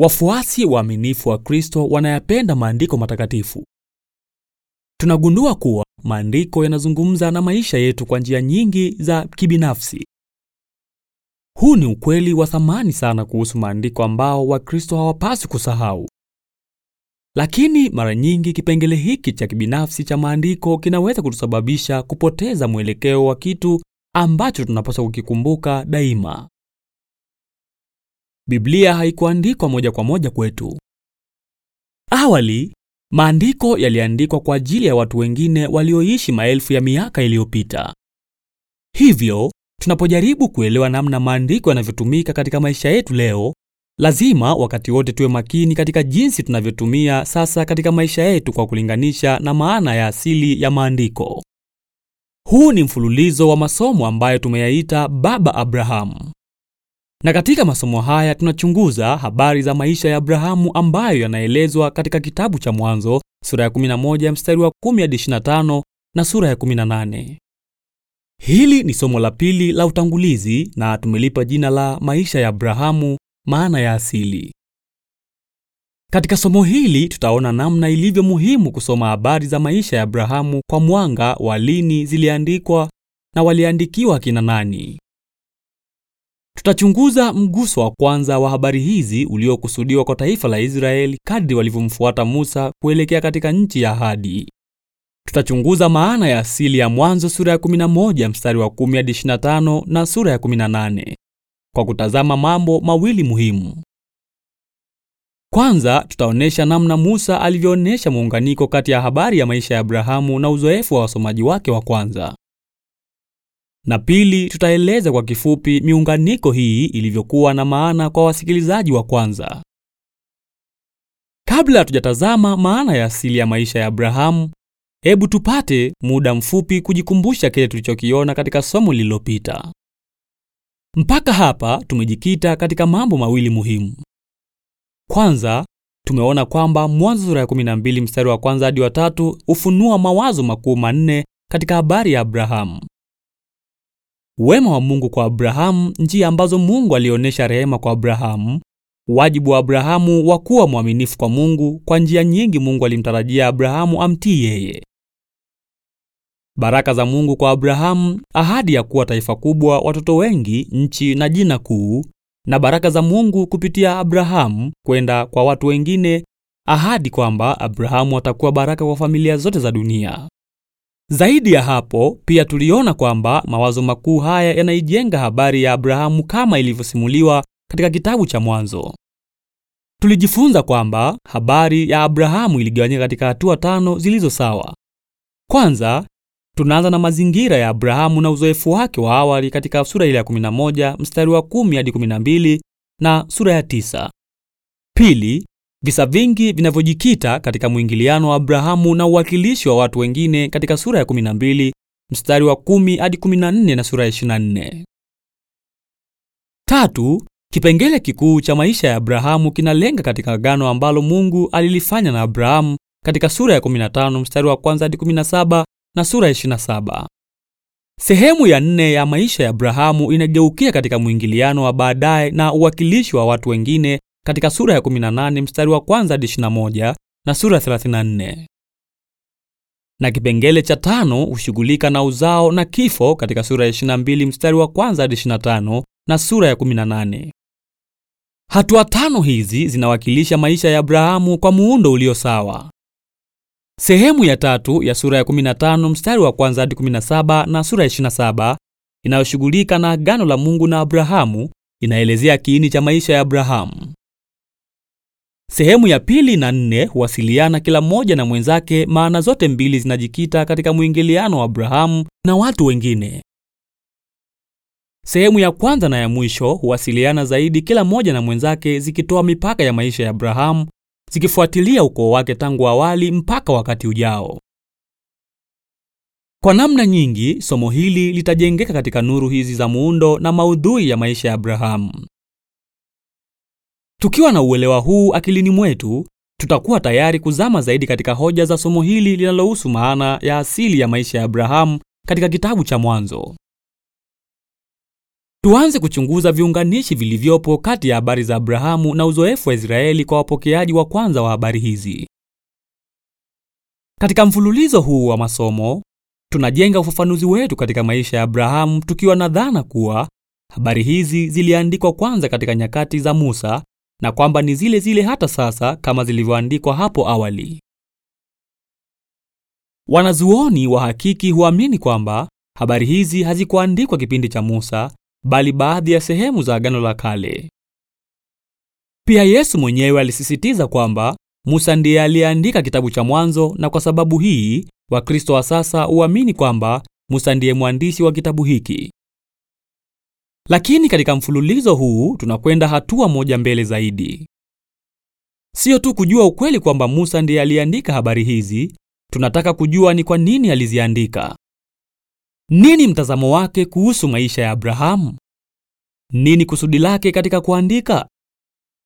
Wafuasi waaminifu wa Kristo wanayapenda maandiko matakatifu. Tunagundua kuwa maandiko yanazungumza na maisha yetu kwa njia nyingi za kibinafsi. Huu ni ukweli wa thamani sana kuhusu maandiko ambao Wakristo hawapaswi kusahau. Lakini mara nyingi kipengele hiki cha kibinafsi cha maandiko kinaweza kutusababisha kupoteza mwelekeo wa kitu ambacho tunapaswa kukikumbuka daima. Biblia haikuandikwa moja kwa moja kwetu. Awali maandiko yaliandikwa kwa ajili ya watu wengine walioishi maelfu ya miaka iliyopita. Hivyo tunapojaribu kuelewa namna maandiko yanavyotumika katika maisha yetu leo, lazima wakati wote tuwe makini katika jinsi tunavyotumia sasa katika maisha yetu kwa kulinganisha na maana ya asili ya maandiko. Huu ni mfululizo wa masomo ambayo tumeyaita Baba Abrahamu. Na katika masomo haya tunachunguza habari za maisha ya Abrahamu ambayo yanaelezwa katika kitabu cha Mwanzo sura ya 11 mstari wa 10 hadi 25 na sura ya 18. Hili ni somo la pili la utangulizi na tumelipa jina la maisha ya Abrahamu, maana ya asili. Katika somo hili tutaona namna ilivyo muhimu kusoma habari za maisha ya Abrahamu kwa mwanga wa lini ziliandikwa na waliandikiwa kina nani. Tutachunguza mguso wa kwanza wa habari hizi uliokusudiwa kwa taifa la Israeli kadri walivyomfuata Musa kuelekea katika nchi ya ahadi. Tutachunguza maana ya asili ya Mwanzo sura ya 11 mstari wa 10 hadi 25 na sura ya 18 kwa kutazama mambo mawili muhimu. Kwanza, tutaonesha namna Musa alivyoonyesha muunganiko kati ya habari ya maisha ya Abrahamu na uzoefu wa wasomaji wake wa kwanza na pili, tutaeleza kwa kifupi miunganiko hii ilivyokuwa na maana kwa wasikilizaji wa kwanza. Kabla tujatazama maana ya asili ya maisha ya Abrahamu, hebu tupate muda mfupi kujikumbusha kile tulichokiona katika somo lililopita. Mpaka hapa tumejikita katika mambo mawili muhimu. Kwanza, tumeona kwamba Mwanzo sura ya 12 mstari wa kwanza hadi wa tatu ufunua mawazo makuu manne katika habari ya Abrahamu wema wa Mungu kwa Abrahamu, njia ambazo Mungu alionyesha rehema kwa Abrahamu, wajibu wa Abrahamu wa kuwa mwaminifu kwa Mungu. Kwa njia nyingi Mungu alimtarajia Abrahamu amtii yeye. Baraka za Mungu kwa Abrahamu, ahadi ya kuwa taifa kubwa, watoto wengi, nchi na jina kuu, na baraka za Mungu kupitia Abrahamu kwenda kwa watu wengine, ahadi kwamba Abrahamu atakuwa baraka kwa familia zote za dunia. Zaidi ya hapo, pia tuliona kwamba mawazo makuu haya yanaijenga habari ya Abrahamu kama ilivyosimuliwa katika kitabu cha Mwanzo. Tulijifunza kwamba habari ya Abrahamu iligawanyika katika hatua tano zilizo sawa. Kwanza, tunaanza na mazingira ya Abrahamu na uzoefu wake wa awali katika sura ile ya 11 mstari wa 10 hadi 12 na sura ya 9. Pili, visa vingi vinavyojikita katika mwingiliano wa Abrahamu na uwakilishi wa watu wengine katika sura ya 12 mstari wa 10 hadi 14 na sura ya 24. Tatu, kipengele kikuu cha maisha ya Abrahamu kinalenga katika agano ambalo Mungu alilifanya na Abrahamu katika sura ya 15 mstari wa kwanza hadi 17 na sura ya 27. Sehemu ya nne ya maisha ya Abrahamu inageukia katika mwingiliano wa baadaye na uwakilishi wa watu wengine katika sura ya 18 mstari wa kwanza hadi 21 na sura 34. Na kipengele cha tano hushughulika na uzao na kifo katika sura ya 22 mstari wa kwanza hadi 25 na sura ya 18. Hatua tano hizi zinawakilisha maisha ya Abrahamu kwa muundo ulio sawa. Sehemu ya tatu ya sura ya 15 mstari wa kwanza hadi 17 na sura ya 27 inayoshughulika na agano la Mungu na Abrahamu inaelezea kiini cha maisha ya Abrahamu. Sehemu ya pili na nne huwasiliana kila mmoja na mwenzake, maana zote mbili zinajikita katika mwingiliano wa Abrahamu na watu wengine. Sehemu ya kwanza na ya mwisho huwasiliana zaidi kila mmoja na mwenzake, zikitoa mipaka ya maisha ya Abrahamu, zikifuatilia ukoo wake tangu awali mpaka wakati ujao. Kwa namna nyingi, somo hili litajengeka katika nuru hizi za muundo na maudhui ya maisha ya Abrahamu. Tukiwa na uelewa huu akilini mwetu, tutakuwa tayari kuzama zaidi katika hoja za somo hili linalohusu maana ya asili ya maisha ya Abrahamu katika kitabu cha Mwanzo. Tuanze kuchunguza viunganishi vilivyopo kati ya habari za Abrahamu na uzoefu wa Israeli kwa wapokeaji wa kwanza wa habari hizi. Katika mfululizo huu wa masomo, tunajenga ufafanuzi wetu katika maisha ya Abrahamu tukiwa na dhana kuwa habari hizi ziliandikwa kwanza katika nyakati za Musa na kwamba ni zile zile hata sasa kama zilivyoandikwa hapo awali. Wanazuoni wahakiki huamini kwamba habari hizi hazikuandikwa kipindi cha Musa, bali baadhi ya sehemu za Agano la Kale. Pia Yesu mwenyewe alisisitiza kwamba Musa ndiye aliyeandika kitabu cha Mwanzo, na kwa sababu hii Wakristo wa sasa huamini kwamba Musa ndiye mwandishi wa kitabu hiki. Lakini katika mfululizo huu tunakwenda hatua moja mbele zaidi. Sio tu kujua ukweli kwamba Musa ndiye aliandika habari hizi, tunataka kujua ni kwa nini aliziandika. Nini mtazamo wake kuhusu maisha ya Abrahamu? Nini kusudi lake katika kuandika?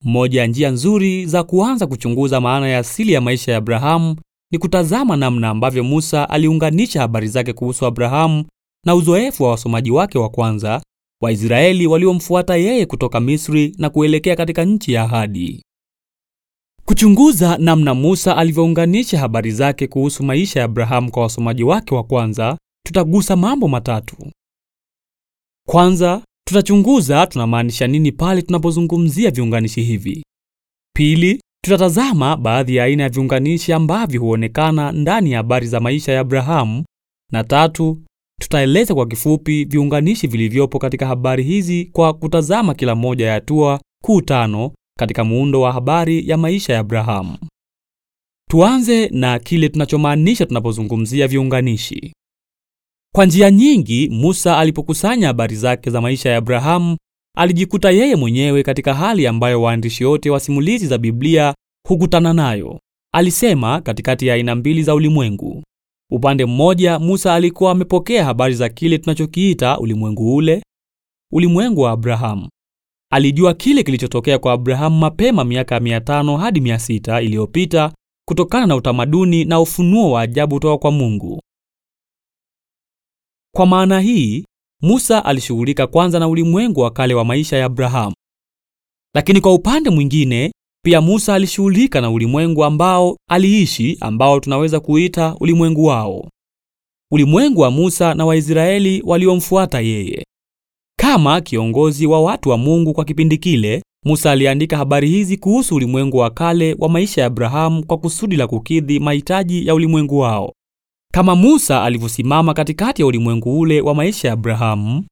Moja ya njia nzuri za kuanza kuchunguza maana ya asili ya maisha ya Abrahamu ni kutazama namna ambavyo Musa aliunganisha habari zake kuhusu Abrahamu na uzoefu wa wasomaji wake wa kwanza Waisraeli waliomfuata yeye kutoka Misri na kuelekea katika nchi ya ahadi. Kuchunguza namna Musa alivyounganisha habari zake kuhusu maisha ya Abrahamu kwa wasomaji wake wa kwanza, tutagusa mambo matatu. Kwanza, tutachunguza tunamaanisha nini pale tunapozungumzia viunganishi hivi. Pili, tutatazama baadhi ya aina ya viunganishi ambavyo huonekana ndani ya habari za maisha ya Abrahamu, na tatu, Tutaeleza kwa kifupi viunganishi vilivyopo katika habari hizi kwa kutazama kila moja ya hatua kuu tano katika muundo wa habari ya maisha ya Abrahamu. Tuanze na kile tunachomaanisha tunapozungumzia viunganishi. Kwa njia nyingi, Musa alipokusanya habari zake za maisha ya Abrahamu, alijikuta yeye mwenyewe katika hali ambayo waandishi wote wa simulizi za Biblia hukutana nayo. Alisema katikati ya aina mbili za ulimwengu. Upande mmoja, Musa alikuwa amepokea habari za kile tunachokiita ulimwengu ule, ulimwengu wa Abrahamu. Alijua kile kilichotokea kwa Abrahamu mapema miaka 500 hadi 600 iliyopita kutokana na utamaduni na ufunuo wa ajabu kutoka kwa Mungu. Kwa maana hii, Musa alishughulika kwanza na ulimwengu wa kale wa maisha ya Abrahamu. Lakini kwa upande mwingine, pia Musa alishughulika na ulimwengu ambao aliishi, ambao tunaweza kuita ulimwengu wao, ulimwengu wa Musa na Waisraeli waliomfuata yeye. Kama kiongozi wa watu wa Mungu kwa kipindi kile, Musa aliandika habari hizi kuhusu ulimwengu wa kale wa maisha ya Abrahamu kwa kusudi la kukidhi mahitaji ya ulimwengu wao. Kama Musa alivyosimama katikati ya ulimwengu ule wa maisha ya Abrahamu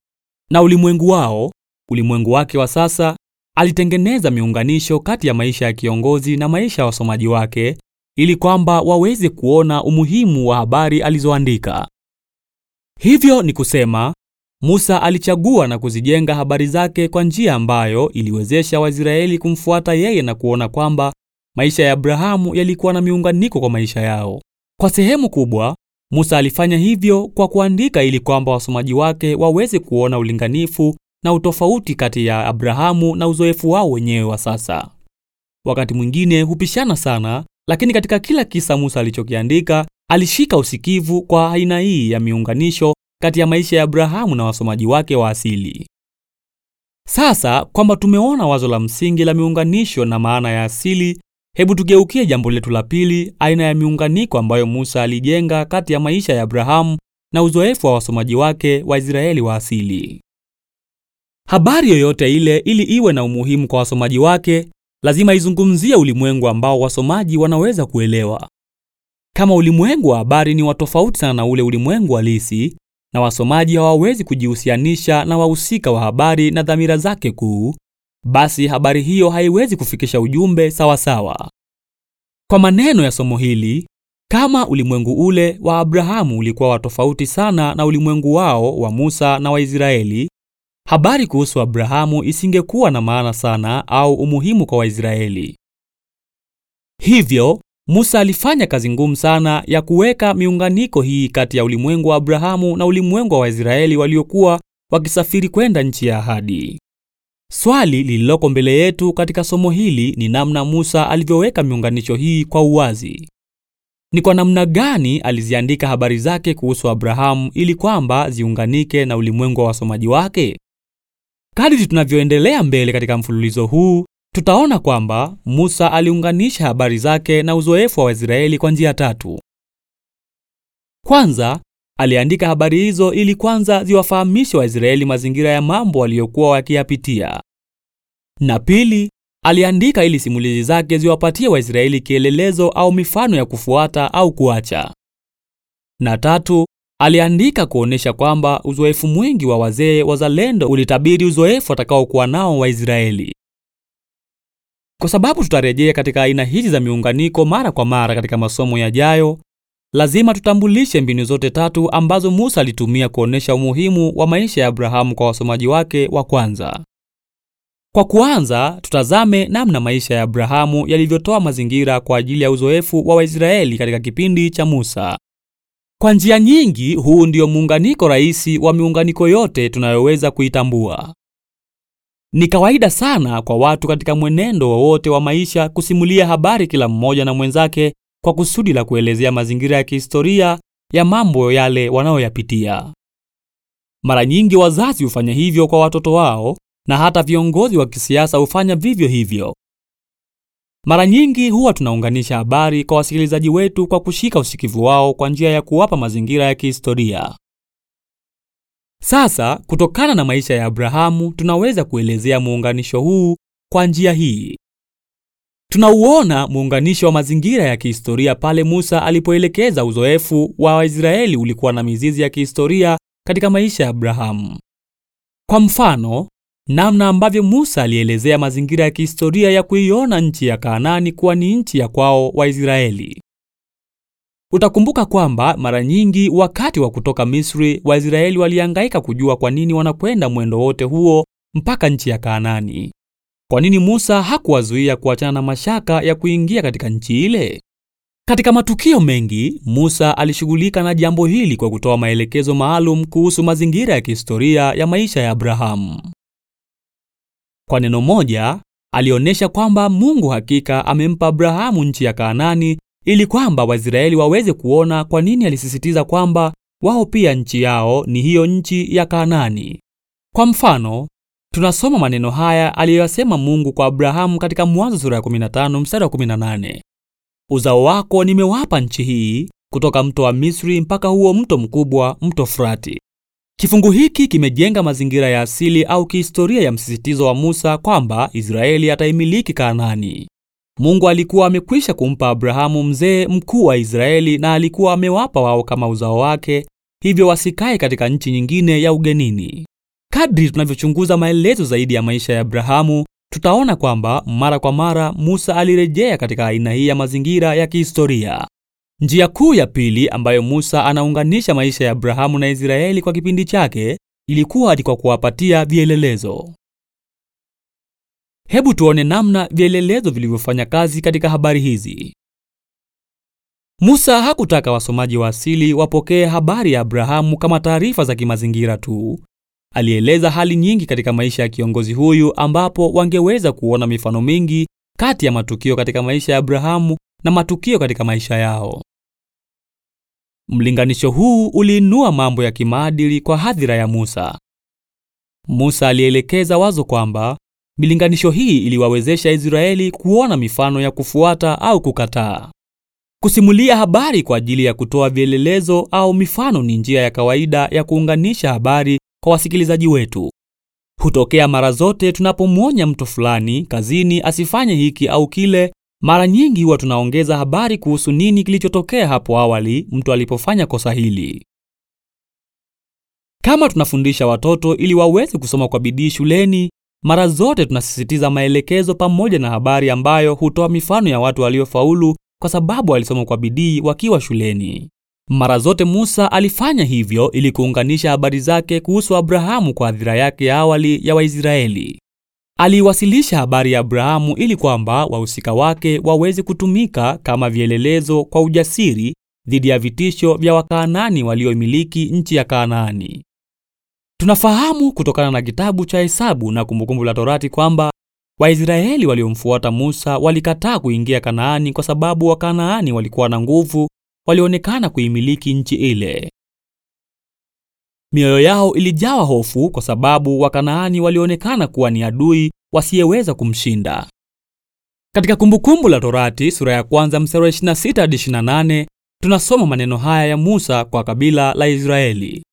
na ulimwengu wao, ulimwengu wake wa sasa Alitengeneza miunganisho kati ya maisha ya kiongozi na maisha ya wasomaji wake ili kwamba waweze kuona umuhimu wa habari alizoandika. Hivyo ni kusema, Musa alichagua na kuzijenga habari zake kwa njia ambayo iliwezesha Waisraeli kumfuata yeye na kuona kwamba maisha ya Abrahamu yalikuwa na miunganiko kwa maisha yao. Kwa sehemu kubwa, Musa alifanya hivyo kwa kuandika ili kwamba wasomaji wake waweze kuona ulinganifu na utofauti kati ya Abrahamu na uzoefu wao wenyewe wa sasa. Wakati mwingine hupishana sana, lakini katika kila kisa Musa alichokiandika alishika usikivu kwa aina hii ya miunganisho kati ya maisha ya Abrahamu na wasomaji wake wa asili. Sasa kwamba tumeona wazo la msingi la miunganisho na maana ya asili, hebu tugeukie jambo letu la pili, aina ya miunganiko ambayo Musa alijenga kati ya maisha ya Abrahamu na uzoefu wa wasomaji wake wa Israeli wa asili. Habari yoyote ile ili iwe na umuhimu kwa wasomaji wake, lazima izungumzie ulimwengu ambao wasomaji wanaweza kuelewa. Kama ulimwengu wa habari ni wa tofauti sana na ule ulimwengu halisi, na wasomaji hawawezi kujihusianisha na wahusika wa habari na dhamira zake kuu, basi habari hiyo haiwezi kufikisha ujumbe sawa sawa. Kwa maneno ya somo hili, kama ulimwengu ule wa Abrahamu ulikuwa wa tofauti sana na ulimwengu wao wa Musa na Waisraeli, habari kuhusu Abrahamu isingekuwa na maana sana au umuhimu kwa Waisraeli. Hivyo Musa alifanya kazi ngumu sana ya kuweka miunganiko hii kati ya ulimwengu wa Abrahamu na ulimwengu wa Waisraeli waliokuwa wakisafiri kwenda nchi ya ahadi. Swali lililoko mbele yetu katika somo hili ni namna Musa alivyoweka miunganisho hii kwa uwazi. Ni kwa namna gani aliziandika habari zake kuhusu Abrahamu ili kwamba ziunganike na ulimwengu wa wasomaji wake? Kadiri tunavyoendelea mbele katika mfululizo huu, tutaona kwamba Musa aliunganisha habari zake na uzoefu wa Waisraeli kwa njia tatu. Kwanza, aliandika habari hizo ili kwanza ziwafahamishe Waisraeli mazingira ya mambo waliyokuwa wakiyapitia. Na pili, aliandika ili simulizi zake ziwapatie Waisraeli kielelezo au mifano ya kufuata au kuacha. Na tatu, Aliandika kuonesha kwamba uzoefu mwingi wa wazee wazalendo ulitabiri uzoefu watakaokuwa nao Waisraeli. Kwa sababu tutarejea katika aina hizi za miunganiko mara kwa mara katika masomo yajayo, lazima tutambulishe mbinu zote tatu ambazo Musa alitumia kuonesha umuhimu wa maisha ya Abrahamu kwa wasomaji wake wa kwanza. Kwa kuanza, tutazame namna maisha ya Abrahamu yalivyotoa mazingira kwa ajili ya uzoefu wa Waisraeli katika kipindi cha Musa. Kwa njia nyingi, huu ndio muunganiko rahisi wa miunganiko yote tunayoweza kuitambua. Ni kawaida sana kwa watu katika mwenendo wowote wa, wa maisha kusimulia habari kila mmoja na mwenzake kwa kusudi la kuelezea mazingira ya kihistoria ya mambo yale wanayoyapitia. Mara nyingi wazazi hufanya hivyo kwa watoto wao na hata viongozi wa kisiasa hufanya vivyo hivyo. Mara nyingi huwa tunaunganisha habari kwa wasikilizaji wetu kwa kushika usikivu wao kwa njia ya kuwapa mazingira ya kihistoria. Sasa, kutokana na maisha ya Abrahamu, tunaweza kuelezea muunganisho huu kwa njia hii. Tunauona muunganisho wa mazingira ya kihistoria pale Musa alipoelekeza uzoefu wa Waisraeli ulikuwa na mizizi ya kihistoria katika maisha ya Abrahamu. Kwa mfano, namna ambavyo Musa alielezea mazingira ya kihistoria ya kuiona nchi ya Kanaani kuwa ni nchi ya kwao Waisraeli. Utakumbuka kwamba mara nyingi wakati wa kutoka Misri, Waisraeli walihangaika kujua kwa nini wanakwenda mwendo wote huo mpaka nchi ya Kanaani. Kwa nini Musa hakuwazuia kuachana na mashaka ya kuingia katika nchi ile? Katika matukio mengi, Musa alishughulika na jambo hili kwa kutoa maelekezo maalum kuhusu mazingira ya kihistoria ya maisha ya Abrahamu. Kwa neno moja alionyesha kwamba Mungu hakika amempa Abrahamu nchi ya Kanaani ili kwamba Waisraeli waweze kuona kwa nini alisisitiza kwamba wao pia nchi yao ni hiyo nchi ya Kanaani. Kwa mfano, tunasoma maneno haya aliyoyasema Mungu kwa Abrahamu katika Mwanzo sura ya 15 mstari wa 18. Uzao wako nimewapa nchi hii kutoka mto wa Misri mpaka huo mto mkubwa, mto Frati. Kifungu hiki kimejenga mazingira ya asili au kihistoria ya msisitizo wa Musa kwamba Israeli ataimiliki Kanaani. Mungu alikuwa amekwisha kumpa Abrahamu mzee mkuu wa Israeli na alikuwa amewapa wao kama uzao wake, hivyo wasikae katika nchi nyingine ya ugenini. Kadri tunavyochunguza maelezo zaidi ya maisha ya Abrahamu, tutaona kwamba mara kwa mara Musa alirejea katika aina hii ya mazingira ya kihistoria. Njia kuu ya pili ambayo Musa anaunganisha maisha ya Abrahamu na Israeli kwa kipindi chake ilikuwa ni kwa kuwapatia vielelezo. Hebu tuone namna vielelezo vilivyofanya kazi katika habari hizi. Musa hakutaka wasomaji wa asili wapokee habari ya Abrahamu kama taarifa za kimazingira tu. Alieleza hali nyingi katika maisha ya kiongozi huyu ambapo wangeweza kuona mifano mingi kati ya matukio katika maisha ya Abrahamu na matukio katika maisha yao. Mlinganisho huu uliinua mambo ya kimaadili kwa hadhira ya Musa. Musa alielekeza wazo kwamba milinganisho hii iliwawezesha Israeli kuona mifano ya kufuata au kukataa. Kusimulia habari kwa ajili ya kutoa vielelezo au mifano ni njia ya kawaida ya kuunganisha habari kwa wasikilizaji wetu. Hutokea mara zote tunapomwonya mtu fulani kazini asifanye hiki au kile mara nyingi huwa tunaongeza habari kuhusu nini kilichotokea hapo awali mtu alipofanya kosa hili. Kama tunafundisha watoto ili waweze kusoma kwa bidii shuleni, mara zote tunasisitiza maelekezo pamoja na habari ambayo hutoa mifano ya watu waliofaulu kwa sababu walisoma kwa bidii wakiwa shuleni. Mara zote Musa alifanya hivyo ili kuunganisha habari zake kuhusu Abrahamu kwa hadhira yake ya awali ya Waisraeli aliiwasilisha habari ya Abrahamu ili kwamba wahusika wake waweze kutumika kama vielelezo kwa ujasiri dhidi ya vitisho vya Wakaanani walioimiliki nchi ya Kaanani. Tunafahamu kutokana na kitabu cha Hesabu na Kumbukumbu la Torati kwamba Waisraeli waliomfuata Musa walikataa kuingia Kanaani kwa sababu Wakanaani walikuwa na nguvu, walionekana kuimiliki nchi ile. Mioyo yao ilijawa hofu kwa sababu Wakanaani walionekana kuwa ni adui wasiyeweza kumshinda. Katika Kumbukumbu la Torati sura ya kwanza mstari 26 hadi 28 tunasoma maneno haya ya Musa kwa kabila la Israeli: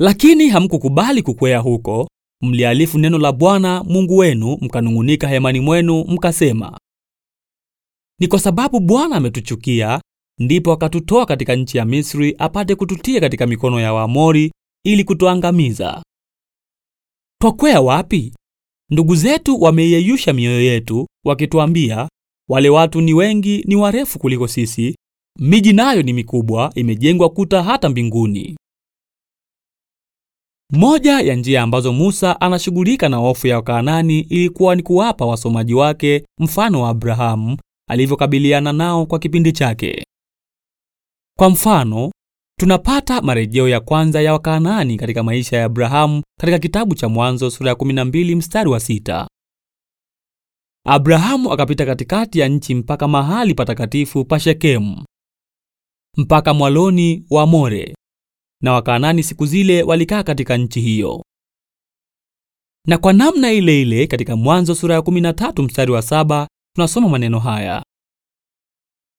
lakini hamkukubali kukwea huko, mlialifu neno la Bwana Mungu wenu, mkanung'unika hemani mwenu, mkasema, ni kwa sababu Bwana ametuchukia ndipo akatutoa katika nchi ya Misri apate kututia katika mikono ya Waamori ili kutuangamiza. Twakwea wapi? Ndugu zetu wameyeyusha mioyo yetu, wakituambia wale watu ni wengi, ni warefu kuliko sisi, miji nayo ni mikubwa, imejengwa kuta hata mbinguni. Moja ya njia ambazo Musa anashughulika na hofu ya Wakaanani ilikuwa ni kuwapa wasomaji wake mfano wa Abrahamu alivyokabiliana nao kwa kipindi chake. Kwa mfano, tunapata marejeo ya kwanza ya Wakanaani katika maisha ya Abrahamu katika kitabu cha Mwanzo sura ya 12 mstari wa 6. Abrahamu akapita katikati ya nchi mpaka mahali patakatifu pa Shekemu, mpaka mwaloni wa More, na Wakanaani siku zile walikaa katika nchi hiyo. Na kwa namna ile ile katika Mwanzo sura ya 13 mstari wa saba tunasoma maneno haya: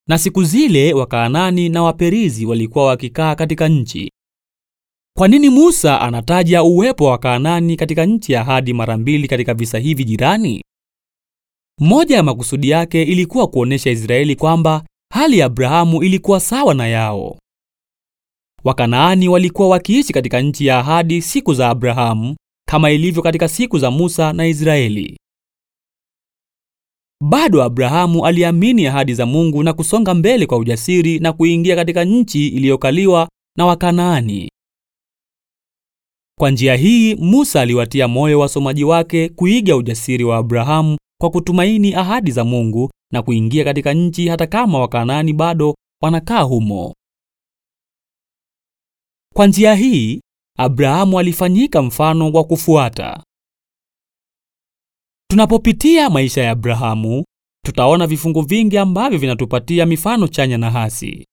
na siku zile Wakaanani na Waperizi walikuwa wakikaa katika nchi. Kwa nini Musa anataja uwepo wa Wakaanani katika nchi ya ahadi mara mbili katika visa hivi jirani? Moja ya makusudi yake ilikuwa kuonesha Israeli kwamba hali ya Abrahamu ilikuwa sawa na yao. Wakanaani walikuwa wakiishi katika nchi ya ahadi siku za Abrahamu kama ilivyo katika siku za Musa na Israeli. Bado Abrahamu aliamini ahadi za Mungu na kusonga mbele kwa ujasiri na kuingia katika nchi iliyokaliwa na Wakanaani. Kwa njia hii, Musa aliwatia moyo wasomaji wake kuiga ujasiri wa Abrahamu kwa kutumaini ahadi za Mungu na kuingia katika nchi hata kama Wakanaani bado wanakaa humo. Kwa njia hii, Abrahamu alifanyika mfano wa kufuata. Tunapopitia maisha ya Abrahamu, tutaona vifungu vingi ambavyo vinatupatia mifano chanya na hasi.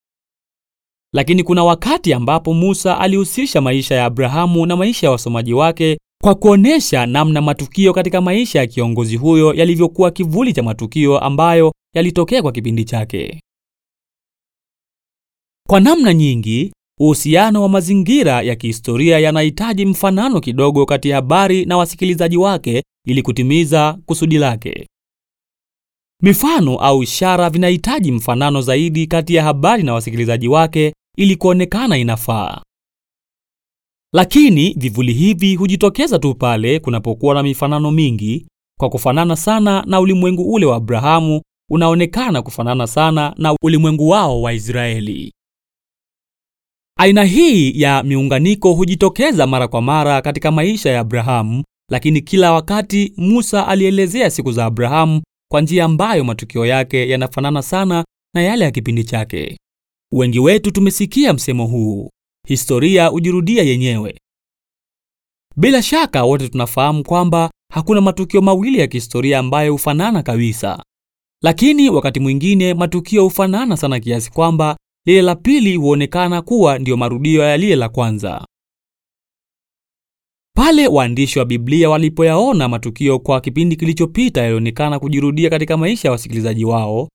Lakini kuna wakati ambapo Musa alihusisha maisha ya Abrahamu na maisha ya wasomaji wake kwa kuonesha namna matukio katika maisha ya kiongozi huyo yalivyokuwa kivuli cha matukio ambayo yalitokea kwa kipindi chake. Kwa namna nyingi, uhusiano wa mazingira ya kihistoria yanahitaji mfanano kidogo kati ya habari na wasikilizaji wake ili kutimiza kusudi lake. Mifano au ishara vinahitaji mfanano zaidi kati ya habari na wasikilizaji wake ili kuonekana inafaa. Lakini vivuli hivi hujitokeza tu pale kunapokuwa na mifanano mingi. Kwa kufanana sana na ulimwengu ule wa Abrahamu unaonekana kufanana sana na ulimwengu wao wa Israeli. Aina hii ya miunganiko hujitokeza mara kwa mara katika maisha ya Abrahamu lakini kila wakati Musa alielezea siku za Abrahamu kwa njia ambayo matukio yake yanafanana sana na yale ya kipindi chake. Wengi wetu tumesikia msemo huu, historia hujirudia yenyewe. Bila shaka wote tunafahamu kwamba hakuna matukio mawili ya kihistoria ambayo hufanana kabisa, lakini wakati mwingine matukio hufanana sana kiasi kwamba lile la pili huonekana kuwa ndiyo marudio ya lile la kwanza. Pale waandishi wa Biblia walipoyaona matukio kwa kipindi kilichopita yalionekana kujirudia katika maisha ya wasikilizaji wao,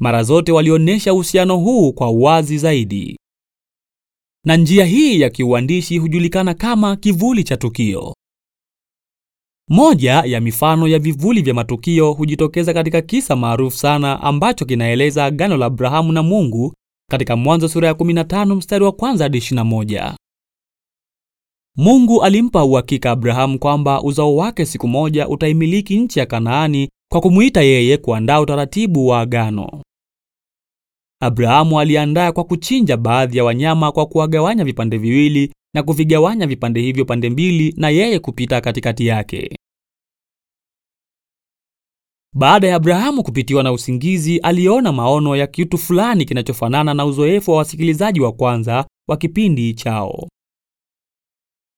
mara zote walionyesha uhusiano huu kwa wazi zaidi. Na njia hii ya kiuandishi hujulikana kama kivuli cha tukio. Moja ya mifano ya vivuli vya matukio hujitokeza katika kisa maarufu sana ambacho kinaeleza agano la Abrahamu na Mungu katika Mwanzo sura ya 15 mstari wa kwanza hadi 21. Mungu alimpa uhakika Abrahamu kwamba uzao wake siku moja utaimiliki nchi ya Kanaani kwa kumuita yeye kuandaa utaratibu wa agano. Abrahamu aliandaa kwa kuchinja baadhi ya wanyama kwa kuwagawanya vipande viwili na kuvigawanya vipande hivyo pande mbili na yeye kupita katikati yake. Baada ya Abrahamu kupitiwa na usingizi, aliona maono ya kitu fulani kinachofanana na uzoefu wa wasikilizaji wa kwanza wa kipindi chao.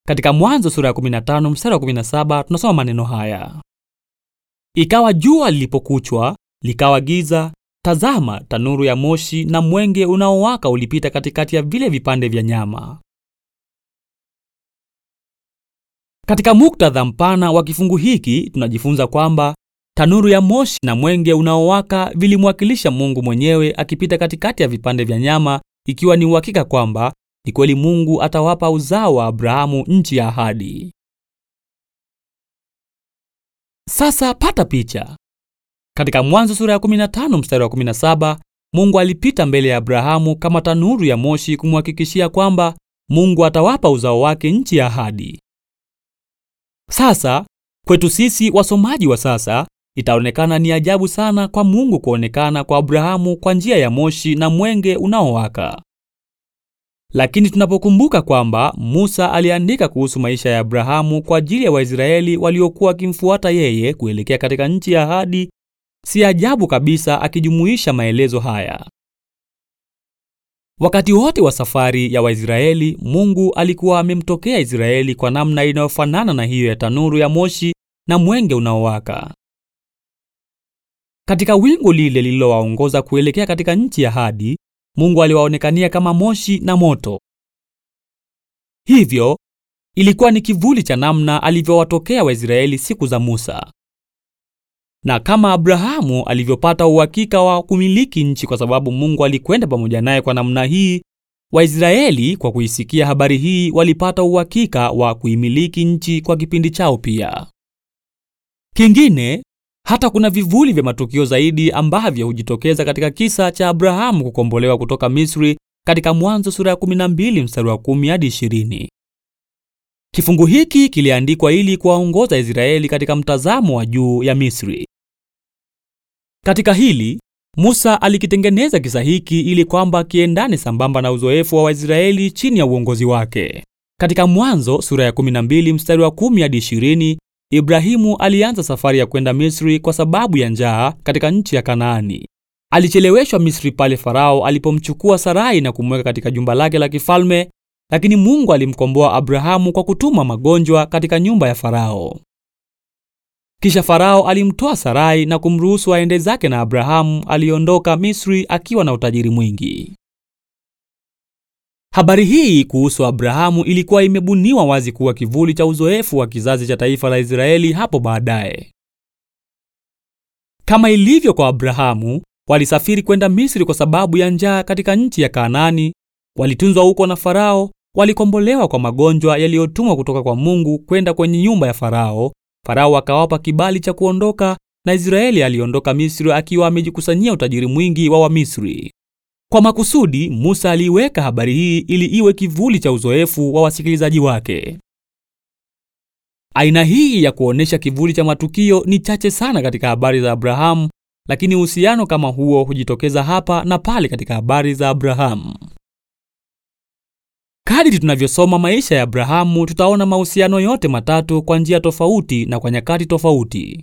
Katika Mwanzo sura ya 15 mstari wa 17 tunasoma maneno haya: ikawa jua lilipokuchwa likawa giza, tazama, tanuru ya moshi na mwenge unaowaka ulipita katikati ya vile vipande vya nyama. Katika muktadha mpana wa kifungu hiki tunajifunza kwamba tanuru ya moshi na mwenge unaowaka vilimwakilisha Mungu mwenyewe akipita katikati ya vipande vya nyama, ikiwa ni uhakika kwamba ni kweli Mungu atawapa uzao wa Abrahamu nchi ya ahadi. Sasa pata picha. Katika Mwanzo sura ya 15 mstari wa 17, Mungu alipita mbele ya Abrahamu kama tanuru ya moshi kumhakikishia kwamba Mungu atawapa uzao wake nchi ya ahadi. Sasa kwetu sisi wasomaji wa sasa, itaonekana ni ajabu sana kwa Mungu kuonekana kwa Abrahamu kwa njia ya moshi na mwenge unaowaka. Lakini tunapokumbuka kwamba Musa aliandika kuhusu maisha ya Abrahamu kwa ajili ya Waisraeli waliokuwa wakimfuata yeye kuelekea katika nchi ya ahadi, si ajabu kabisa akijumuisha maelezo haya. Wakati wote wa safari ya Waisraeli, Mungu alikuwa amemtokea Israeli kwa namna inayofanana na hiyo ya tanuru ya moshi na mwenge unaowaka. Katika wingu lile lililowaongoza kuelekea katika nchi ya ahadi, Mungu aliwaonekania kama moshi na moto. Hivyo ilikuwa ni kivuli cha namna alivyowatokea Waisraeli siku za Musa. Na kama Abrahamu alivyopata uhakika wa kumiliki nchi kwa sababu Mungu alikwenda pamoja naye kwa namna hii, Waisraeli kwa kuisikia habari hii walipata uhakika wa kuimiliki nchi kwa kipindi chao pia. Kingine hata kuna vivuli vya matukio zaidi ambavyo hujitokeza katika kisa cha Abrahamu kukombolewa kutoka Misri katika Mwanzo sura ya 12 mstari wa 10 hadi 20. Kifungu hiki kiliandikwa ili kuwaongoza Israeli katika mtazamo wa juu ya Misri. Katika hili Musa alikitengeneza kisa hiki ili kwamba kiendane sambamba na uzoefu wa Waisraeli chini ya uongozi wake. Katika Mwanzo sura ya 12 mstari wa 10 hadi Ibrahimu alianza safari ya kwenda Misri kwa sababu ya njaa katika nchi ya Kanaani. Alicheleweshwa Misri pale Farao alipomchukua Sarai na kumweka katika jumba lake la kifalme, lakini Mungu alimkomboa Abrahamu kwa kutuma magonjwa katika nyumba ya Farao. Kisha Farao alimtoa Sarai na kumruhusu aende zake na Abrahamu aliondoka Misri akiwa na utajiri mwingi. Habari hii kuhusu Abrahamu ilikuwa imebuniwa wazi kuwa kivuli cha uzoefu wa kizazi cha taifa la Israeli hapo baadaye. Kama ilivyo kwa Abrahamu, walisafiri kwenda Misri kwa sababu ya njaa katika nchi ya Kanaani, walitunzwa huko na Farao, walikombolewa kwa magonjwa yaliyotumwa kutoka kwa Mungu kwenda kwenye nyumba ya Farao. Farao akawapa kibali cha kuondoka na Israeli aliondoka Misri akiwa amejikusanyia utajiri mwingi wa Wamisri. Kwa makusudi, Musa aliiweka habari hii ili iwe kivuli cha uzoefu wa wasikilizaji wake. Aina hii ya kuonesha kivuli cha matukio ni chache sana katika habari za Abrahamu, lakini uhusiano kama huo hujitokeza hapa na pale katika habari za Abrahamu. Kadiri tunavyosoma maisha ya Abrahamu, tutaona mahusiano yote matatu kwa njia tofauti na kwa nyakati tofauti.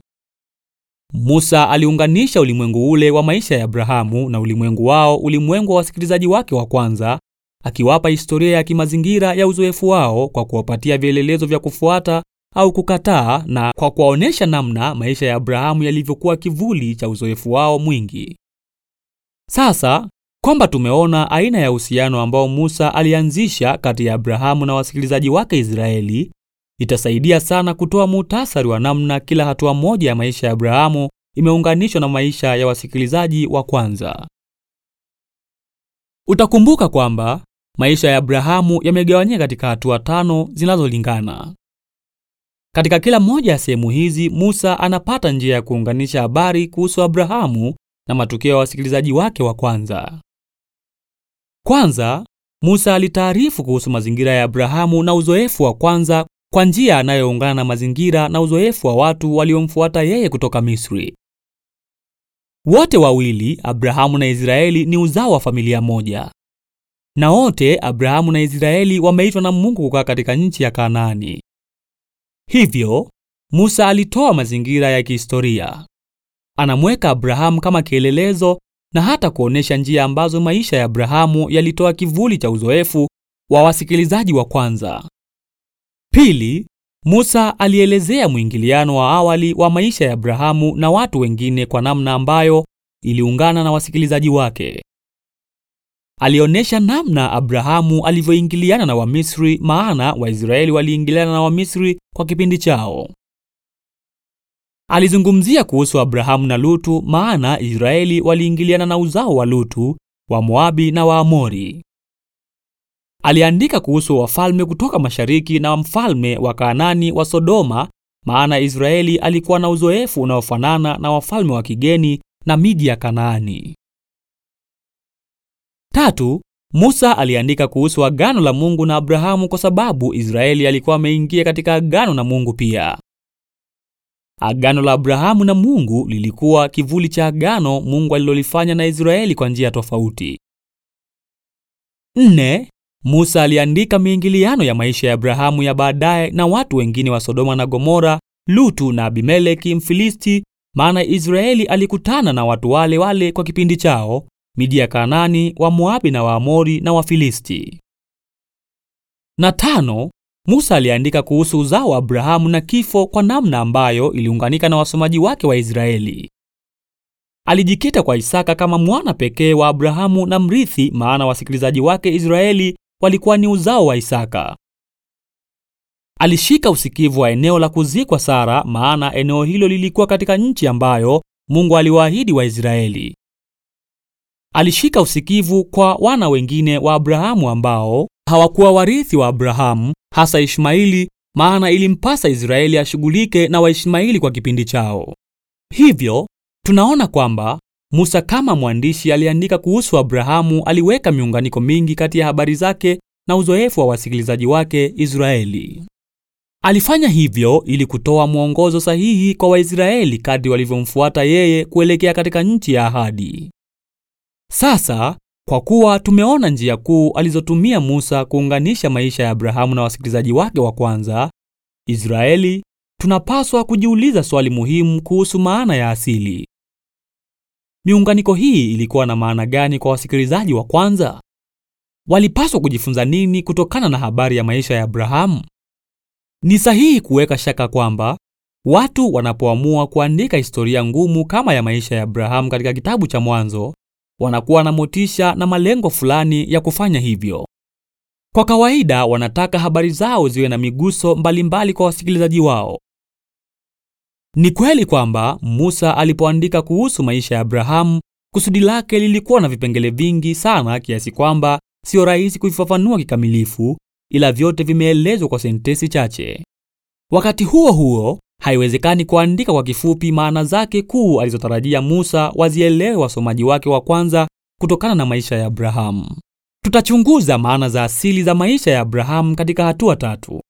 Musa aliunganisha ulimwengu ule wa maisha ya Abrahamu na ulimwengu wao, ulimwengu wa wasikilizaji wake wa kwanza, akiwapa historia ya kimazingira ya uzoefu wao kwa kuwapatia vielelezo vya kufuata au kukataa na kwa kuwaonesha namna maisha ya Abrahamu yalivyokuwa kivuli cha uzoefu wao mwingi. Sasa kwamba tumeona aina ya uhusiano ambao Musa alianzisha kati ya Abrahamu na wasikilizaji wake Israeli itasaidia sana kutoa muhtasari wa namna kila hatua moja ya maisha ya Abrahamu imeunganishwa na maisha ya wasikilizaji wa kwanza. Utakumbuka kwamba maisha ya Abrahamu yamegawanyika katika hatua tano zinazolingana. Katika kila moja ya sehemu hizi, Musa anapata njia ya kuunganisha habari kuhusu Abrahamu na matukio ya wasikilizaji wake wa kwanza. Kwanza, Musa alitaarifu kuhusu mazingira ya Abrahamu na uzoefu wa kwanza kwa njia anayoungana na mazingira na uzoefu wa watu waliomfuata yeye kutoka Misri. Wote wawili, Abrahamu na Israeli, ni uzao wa familia moja. Na wote Abrahamu na Israeli wameitwa na Mungu kukaa katika nchi ya Kanaani. Hivyo, Musa alitoa mazingira ya kihistoria. Anamweka Abrahamu kama kielelezo na hata kuonesha njia ambazo maisha ya Abrahamu yalitoa kivuli cha uzoefu wa wasikilizaji wa kwanza. Pili, Musa alielezea mwingiliano wa awali wa maisha ya Abrahamu na watu wengine kwa namna ambayo iliungana na wasikilizaji wake. Alionyesha namna Abrahamu alivyoingiliana na Wamisri, maana Waisraeli waliingiliana na Wamisri kwa kipindi chao. Alizungumzia kuhusu Abrahamu na Lutu, maana Israeli waliingiliana na uzao wa Lutu, wa Moabi na Waamori aliandika kuhusu wafalme kutoka mashariki na mfalme wa Kaanani wa Sodoma, maana Israeli alikuwa na uzoefu unaofanana na wafalme wa kigeni na miji ya Kanaani. Tatu, Musa aliandika kuhusu agano la Mungu na Abrahamu kwa sababu Israeli alikuwa ameingia katika agano na Mungu pia. Agano la Abrahamu na Mungu lilikuwa kivuli cha agano Mungu alilolifanya na Israeli kwa njia tofauti. Nne, Musa aliandika miingiliano ya maisha ya Abrahamu ya baadaye na watu wengine wa Sodoma na Gomora, Lutu na Abimeleki Mfilisti, maana Israeli alikutana na watu wale wale kwa kipindi chao, miji ya Kanaani, wa Moabi na Waamori na Wafilisti. Na tano, Musa aliandika kuhusu uzao wa Abrahamu na kifo kwa namna ambayo iliunganika na wasomaji wake wa Israeli. Alijikita kwa Isaka kama mwana pekee wa Abrahamu na mrithi, maana wasikilizaji wake Israeli walikuwa ni uzao wa Isaka. Alishika usikivu wa eneo la kuzikwa Sara, maana eneo hilo lilikuwa katika nchi ambayo Mungu aliwaahidi Waisraeli. Alishika usikivu kwa wana wengine wa Abrahamu ambao hawakuwa warithi wa Abrahamu, hasa ishmaeli maana ilimpasa Israeli ashughulike na Waishmaeli kwa kipindi chao. Hivyo tunaona kwamba Musa kama mwandishi aliandika kuhusu Abrahamu, aliweka miunganiko mingi kati ya habari zake na uzoefu wa wasikilizaji wake Israeli. Alifanya hivyo ili kutoa mwongozo sahihi kwa Waisraeli kadri walivyomfuata yeye kuelekea katika nchi ya ahadi. Sasa, kwa kuwa tumeona njia kuu alizotumia Musa kuunganisha maisha ya Abrahamu na wasikilizaji wake wa kwanza Israeli, tunapaswa kujiuliza swali muhimu kuhusu maana ya asili. Miunganiko hii ilikuwa na maana gani kwa wasikilizaji wa kwanza? Walipaswa kujifunza nini kutokana na habari ya maisha ya Abrahamu? Ni sahihi kuweka shaka kwamba watu wanapoamua kuandika historia ngumu kama ya maisha ya Abrahamu katika kitabu cha Mwanzo, wanakuwa na motisha na malengo fulani ya kufanya hivyo. Kwa kawaida wanataka habari zao ziwe na miguso mbalimbali mbali kwa wasikilizaji wao. Ni kweli kwamba Musa alipoandika kuhusu maisha ya Abrahamu, kusudi lake lilikuwa na vipengele vingi sana kiasi kwamba sio rahisi kuvifafanua kikamilifu, ila vyote vimeelezwa kwa sentensi chache. Wakati huo huo, haiwezekani kuandika kwa kifupi maana zake kuu alizotarajia Musa wazielewe wasomaji wake wa kwanza kutokana na maisha ya Abrahamu. Tutachunguza maana za asili za maisha ya Abrahamu katika hatua tatu.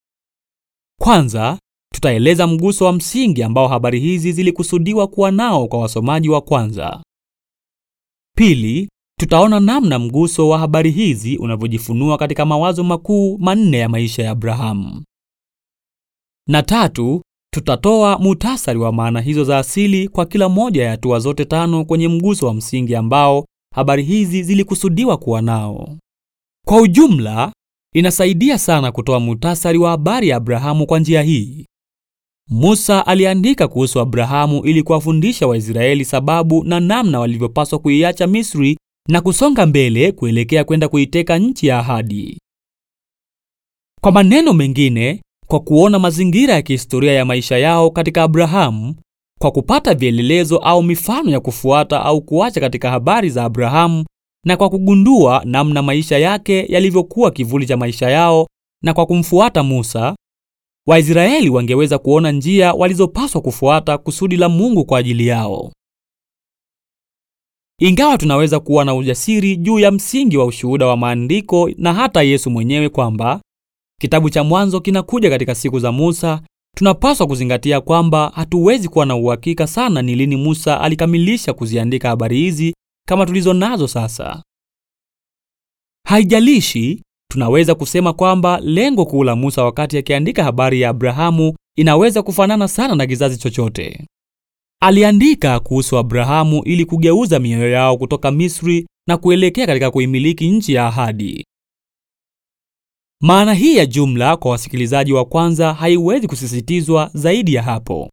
Kwanza, tutaeleza mguso wa msingi ambao habari hizi zilikusudiwa kuwa nao kwa wasomaji wa kwanza. Pili, tutaona namna mguso wa habari hizi unavyojifunua katika mawazo makuu manne ya maisha ya Abrahamu. Na tatu, tutatoa muhtasari wa maana hizo za asili kwa kila moja ya hatua zote tano kwenye mguso wa msingi ambao habari hizi zilikusudiwa kuwa nao. Kwa ujumla, inasaidia sana kutoa mutasari wa habari ya Abrahamu kwa njia hii. Musa aliandika kuhusu Abrahamu ili kuwafundisha Waisraeli sababu na namna walivyopaswa kuiacha Misri na kusonga mbele kuelekea kwenda kuiteka nchi ya ahadi. Kwa maneno mengine, kwa kuona mazingira ya kihistoria ya maisha yao katika Abrahamu, kwa kupata vielelezo au mifano ya kufuata au kuacha katika habari za Abrahamu, na kwa kugundua namna maisha yake yalivyokuwa kivuli cha maisha yao, na kwa kumfuata Musa, Waisraeli wangeweza kuona njia walizopaswa kufuata kusudi la Mungu kwa ajili yao. Ingawa tunaweza kuwa na ujasiri juu ya msingi wa ushuhuda wa maandiko na hata Yesu mwenyewe kwamba kitabu cha Mwanzo kinakuja katika siku za Musa, tunapaswa kuzingatia kwamba hatuwezi kuwa na uhakika sana ni lini Musa alikamilisha kuziandika habari hizi kama tulizo nazo sasa. Haijalishi Tunaweza kusema kwamba lengo kuu la Musa wakati akiandika habari ya Abrahamu inaweza kufanana sana na kizazi chochote. Aliandika kuhusu Abrahamu ili kugeuza mioyo yao kutoka Misri na kuelekea katika kuimiliki nchi ya ahadi. Maana hii ya jumla kwa wasikilizaji wa kwanza haiwezi kusisitizwa zaidi ya hapo.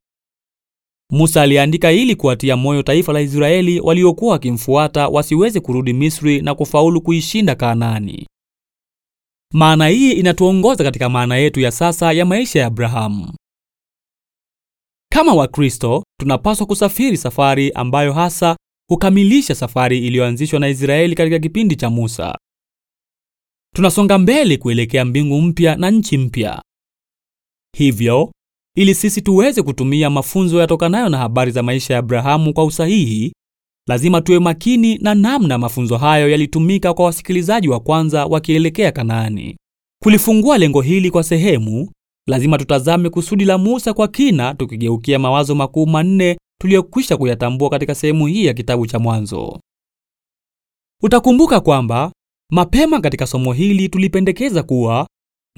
Musa aliandika ili kuwatia moyo taifa la Israeli waliokuwa wakimfuata wasiweze kurudi Misri na kufaulu kuishinda Kanaani. Maana hii inatuongoza katika maana yetu ya sasa ya maisha ya Abrahamu. Kama Wakristo tunapaswa kusafiri safari ambayo hasa hukamilisha safari iliyoanzishwa na Israeli katika kipindi cha Musa. Tunasonga mbele kuelekea mbingu mpya na nchi mpya. Hivyo, ili sisi tuweze kutumia mafunzo yatokanayo na habari za maisha ya Abrahamu kwa usahihi, Lazima tuwe makini na namna mafunzo hayo yalitumika kwa wasikilizaji wa kwanza wakielekea Kanaani. Kulifungua lengo hili kwa sehemu, lazima tutazame kusudi la Musa kwa kina, tukigeukia mawazo makuu manne tuliyokwisha kuyatambua katika sehemu hii ya kitabu cha Mwanzo. Utakumbuka kwamba mapema katika somo hili tulipendekeza kuwa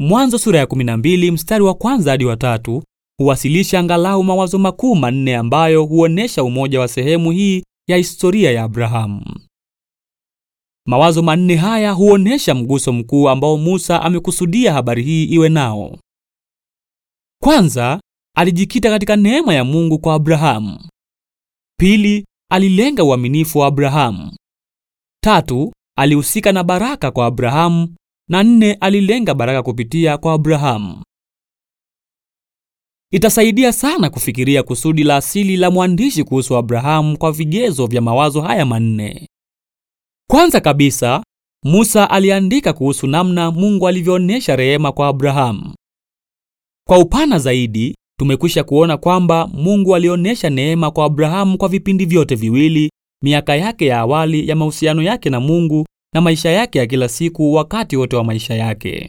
Mwanzo sura ya 12 mstari wa kwanza hadi wa tatu huwasilisha angalau mawazo makuu manne ambayo huonesha umoja wa sehemu hii ya historia ya Abrahamu. Mawazo manne haya huonesha mguso mkuu ambao Musa amekusudia habari hii iwe nao. Kwanza, alijikita katika neema ya Mungu kwa Abrahamu. Pili, alilenga uaminifu wa Abrahamu. Tatu, alihusika na baraka kwa Abrahamu na nne, alilenga baraka kupitia kwa Abrahamu. Itasaidia sana kufikiria kusudi la asili la mwandishi kuhusu Abrahamu kwa vigezo vya mawazo haya manne. Kwanza kabisa, Musa aliandika kuhusu namna Mungu alivyoonyesha rehema kwa Abrahamu. Kwa upana zaidi, tumekwisha kuona kwamba Mungu alionyesha neema kwa Abrahamu kwa vipindi vyote viwili, miaka yake ya awali ya mahusiano yake na Mungu na maisha yake ya kila siku wakati wote wa maisha yake.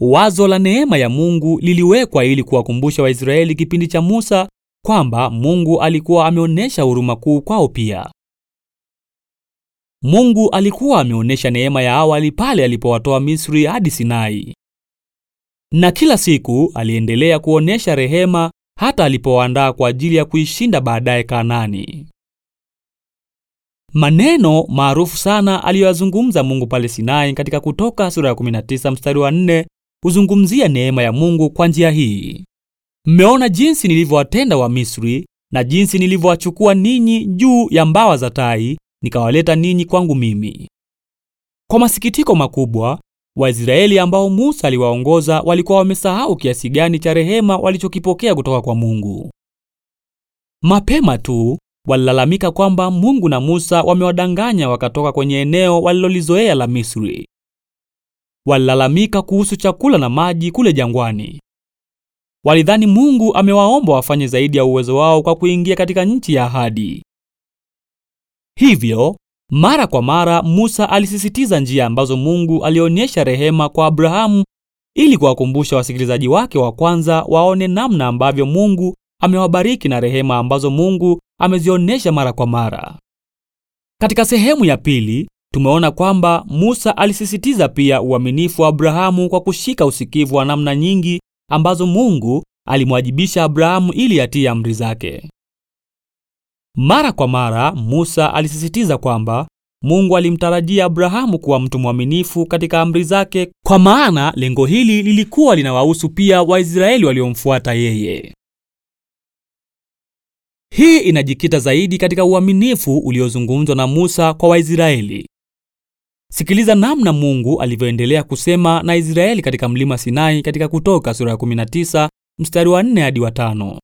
Wazo la neema ya Mungu liliwekwa ili kuwakumbusha Waisraeli kipindi cha Musa kwamba Mungu alikuwa ameonyesha huruma kuu kwao pia. Mungu alikuwa ameonyesha neema ya awali pale alipowatoa Misri hadi Sinai. Na kila siku aliendelea kuonyesha rehema hata alipowaandaa kwa ajili ya kuishinda baadaye Kanaani. Maneno maarufu sana aliyoyazungumza Mungu pale Sinai katika Kutoka sura ya 19 mstari wa huzungumzia neema ya Mungu kwa njia hii: mmeona jinsi nilivyowatenda Wamisri na jinsi nilivyowachukua ninyi juu ya mbawa za tai, nikawaleta ninyi kwangu mimi. Kwa masikitiko makubwa, Waisraeli ambao Musa aliwaongoza walikuwa wamesahau kiasi gani cha rehema walichokipokea kutoka kwa Mungu. Mapema tu walilalamika kwamba Mungu na Musa wamewadanganya wakatoka kwenye eneo walilolizoea la Misri walilalamika kuhusu chakula na maji kule jangwani. Walidhani Mungu amewaomba wafanye zaidi ya uwezo wao kwa kuingia katika nchi ya ahadi. Hivyo mara kwa mara Musa alisisitiza njia ambazo Mungu alionyesha rehema kwa Abrahamu ili kuwakumbusha wasikilizaji wake wa kwanza waone namna ambavyo Mungu amewabariki na rehema ambazo Mungu amezionyesha mara kwa mara. Katika sehemu ya pili Tumeona kwamba Musa alisisitiza pia uaminifu wa Abrahamu kwa kushika usikivu wa namna nyingi ambazo Mungu alimwajibisha Abrahamu ili atii amri zake. Mara kwa mara Musa alisisitiza kwamba Mungu alimtarajia Abrahamu kuwa mtu mwaminifu katika amri zake, kwa maana lengo hili lilikuwa linawahusu pia Waisraeli waliomfuata yeye. Hii inajikita zaidi katika uaminifu uliozungumzwa na Musa kwa Waisraeli. Sikiliza namna Mungu alivyoendelea kusema na Israeli katika mlima Sinai katika Kutoka sura ya 19 mstari wa 4 hadi wa 5.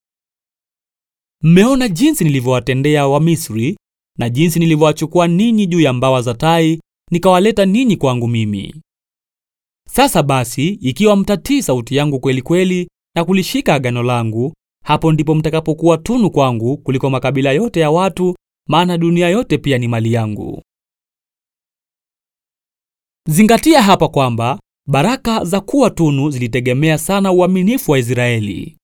Mmeona jinsi nilivyowatendea wa Misri na jinsi nilivyowachukua ninyi juu ya mbawa za tai nikawaleta ninyi kwangu mimi. Sasa basi, ikiwa mtatii sauti yangu kweli kweli na kulishika agano langu, hapo ndipo mtakapokuwa tunu kwangu kuliko makabila yote ya watu, maana dunia yote pia ni mali yangu. Zingatia hapa kwamba baraka za kuwa tunu zilitegemea sana uaminifu wa Israeli.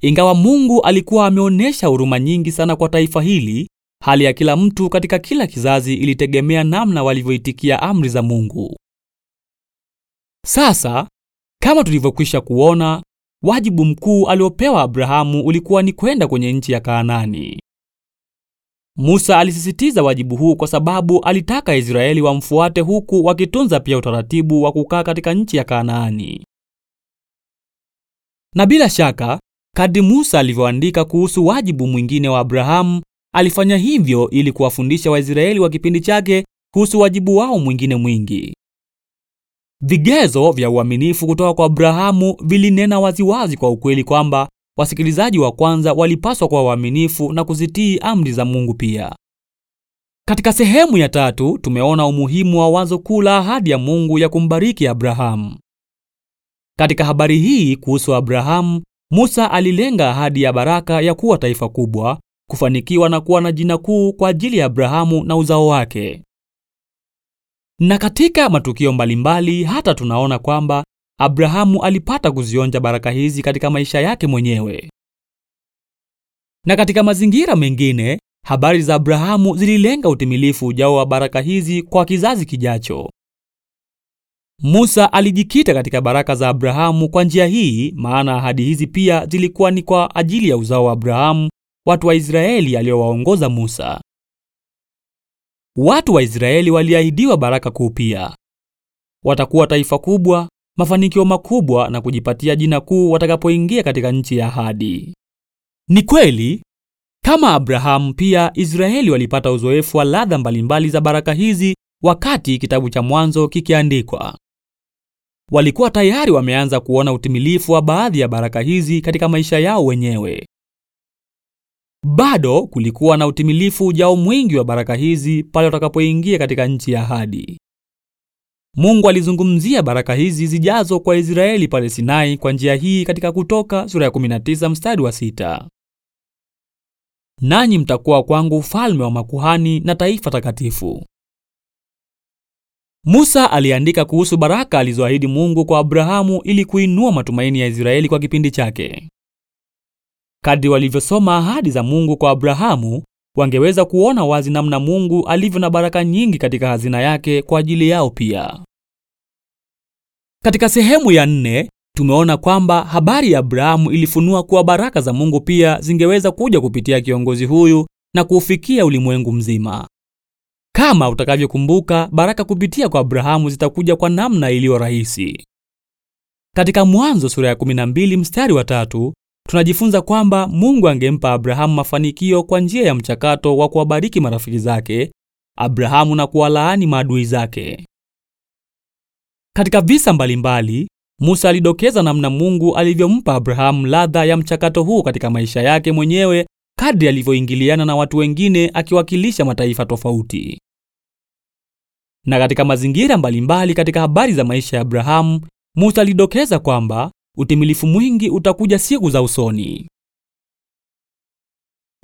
Ingawa Mungu alikuwa ameonyesha huruma nyingi sana kwa taifa hili, hali ya kila mtu katika kila kizazi ilitegemea namna walivyoitikia amri za Mungu. Sasa, kama tulivyokwisha kuona, wajibu mkuu aliopewa Abrahamu ulikuwa ni kwenda kwenye nchi ya kaanani Musa alisisitiza wajibu huu kwa sababu alitaka Israeli wamfuate huku wakitunza pia utaratibu wa kukaa katika nchi ya Kanaani. Na bila shaka, kadri Musa alivyoandika kuhusu wajibu mwingine wa Abrahamu, alifanya hivyo ili kuwafundisha Waisraeli wa kipindi chake kuhusu wajibu wao mwingine mwingi. Vigezo vya uaminifu kutoka kwa Abrahamu vilinena waziwazi kwa ukweli kwamba Wasikilizaji wa kwanza walipaswa kuwa waaminifu na kuzitii amri za Mungu pia. Katika sehemu ya tatu tumeona umuhimu wa wazo kuu la ahadi ya Mungu ya kumbariki Abrahamu. Katika habari hii kuhusu Abrahamu, Musa alilenga ahadi ya baraka ya kuwa taifa kubwa, kufanikiwa na kuwa na jina kuu kwa ajili ya Abrahamu na uzao wake. Na katika matukio mbalimbali hata tunaona kwamba Abrahamu alipata kuzionja baraka hizi katika maisha yake mwenyewe. Na katika mazingira mengine, habari za Abrahamu zililenga utimilifu ujao wa baraka hizi kwa kizazi kijacho. Musa alijikita katika baraka za Abrahamu kwa njia hii, maana ahadi hizi pia zilikuwa ni kwa ajili ya uzao wa Abrahamu, watu wa Israeli aliowaongoza Musa. Watu wa Israeli waliahidiwa baraka kuu pia. Watakuwa taifa kubwa, mafanikio makubwa na kujipatia jina kuu watakapoingia katika nchi ya ahadi. Ni kweli kama Abrahamu, pia Israeli walipata uzoefu wa ladha mbalimbali za baraka hizi wakati kitabu cha Mwanzo kikiandikwa. Walikuwa tayari wameanza kuona utimilifu wa baadhi ya baraka hizi katika maisha yao wenyewe. Bado kulikuwa na utimilifu ujao mwingi wa baraka hizi pale watakapoingia katika nchi ya ahadi. Mungu alizungumzia baraka hizi zijazo kwa Israeli pale Sinai kwa njia hii katika Kutoka sura ya 19 mstari wa sita, nanyi mtakuwa kwangu ufalme wa makuhani na taifa takatifu. Musa aliandika kuhusu baraka alizoahidi Mungu kwa Abrahamu ili kuinua matumaini ya Israeli kwa kipindi chake. Kadri walivyosoma ahadi za Mungu kwa Abrahamu, wangeweza kuona wazi namna Mungu alivyo na baraka nyingi katika hazina yake kwa ajili yao pia. Katika sehemu ya nne tumeona kwamba habari ya Abrahamu ilifunua kuwa baraka za Mungu pia zingeweza kuja kupitia kiongozi huyu na kuufikia ulimwengu mzima. Kama utakavyokumbuka, baraka kupitia kwa Abrahamu zitakuja kwa namna iliyo rahisi. Katika Mwanzo sura ya 12 mstari wa tatu tunajifunza kwamba Mungu angempa Abrahamu mafanikio kwa njia ya mchakato wa kuwabariki marafiki zake Abrahamu na kuwalaani maadui zake. Katika visa mbalimbali, Musa alidokeza namna Mungu alivyompa Abrahamu ladha ya mchakato huu katika maisha yake mwenyewe kadri alivyoingiliana na watu wengine akiwakilisha mataifa tofauti. Na katika mazingira mbalimbali katika habari za maisha ya Abrahamu, Musa alidokeza kwamba Utimilifu mwingi utakuja siku za usoni.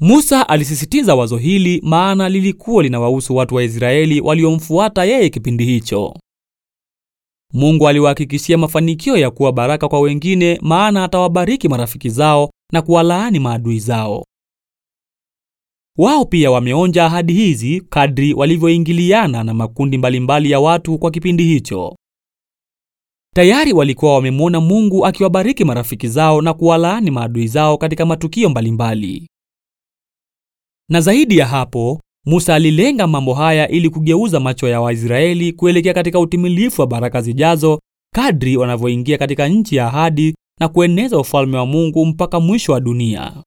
Musa alisisitiza wazo hili maana lilikuwa linawahusu watu wa Israeli waliomfuata yeye kipindi hicho. Mungu aliwahakikishia mafanikio ya kuwa baraka kwa wengine maana atawabariki marafiki zao na kuwalaani maadui zao. Wao pia wameonja ahadi hizi kadri walivyoingiliana na makundi mbalimbali ya watu kwa kipindi hicho. Tayari walikuwa wamemwona Mungu akiwabariki marafiki zao na kuwalaani maadui zao katika matukio mbalimbali. Na zaidi ya hapo, Musa alilenga mambo haya ili kugeuza macho ya Waisraeli kuelekea katika utimilifu wa baraka zijazo kadri wanavyoingia katika nchi ya ahadi na kueneza ufalme wa Mungu mpaka mwisho wa dunia.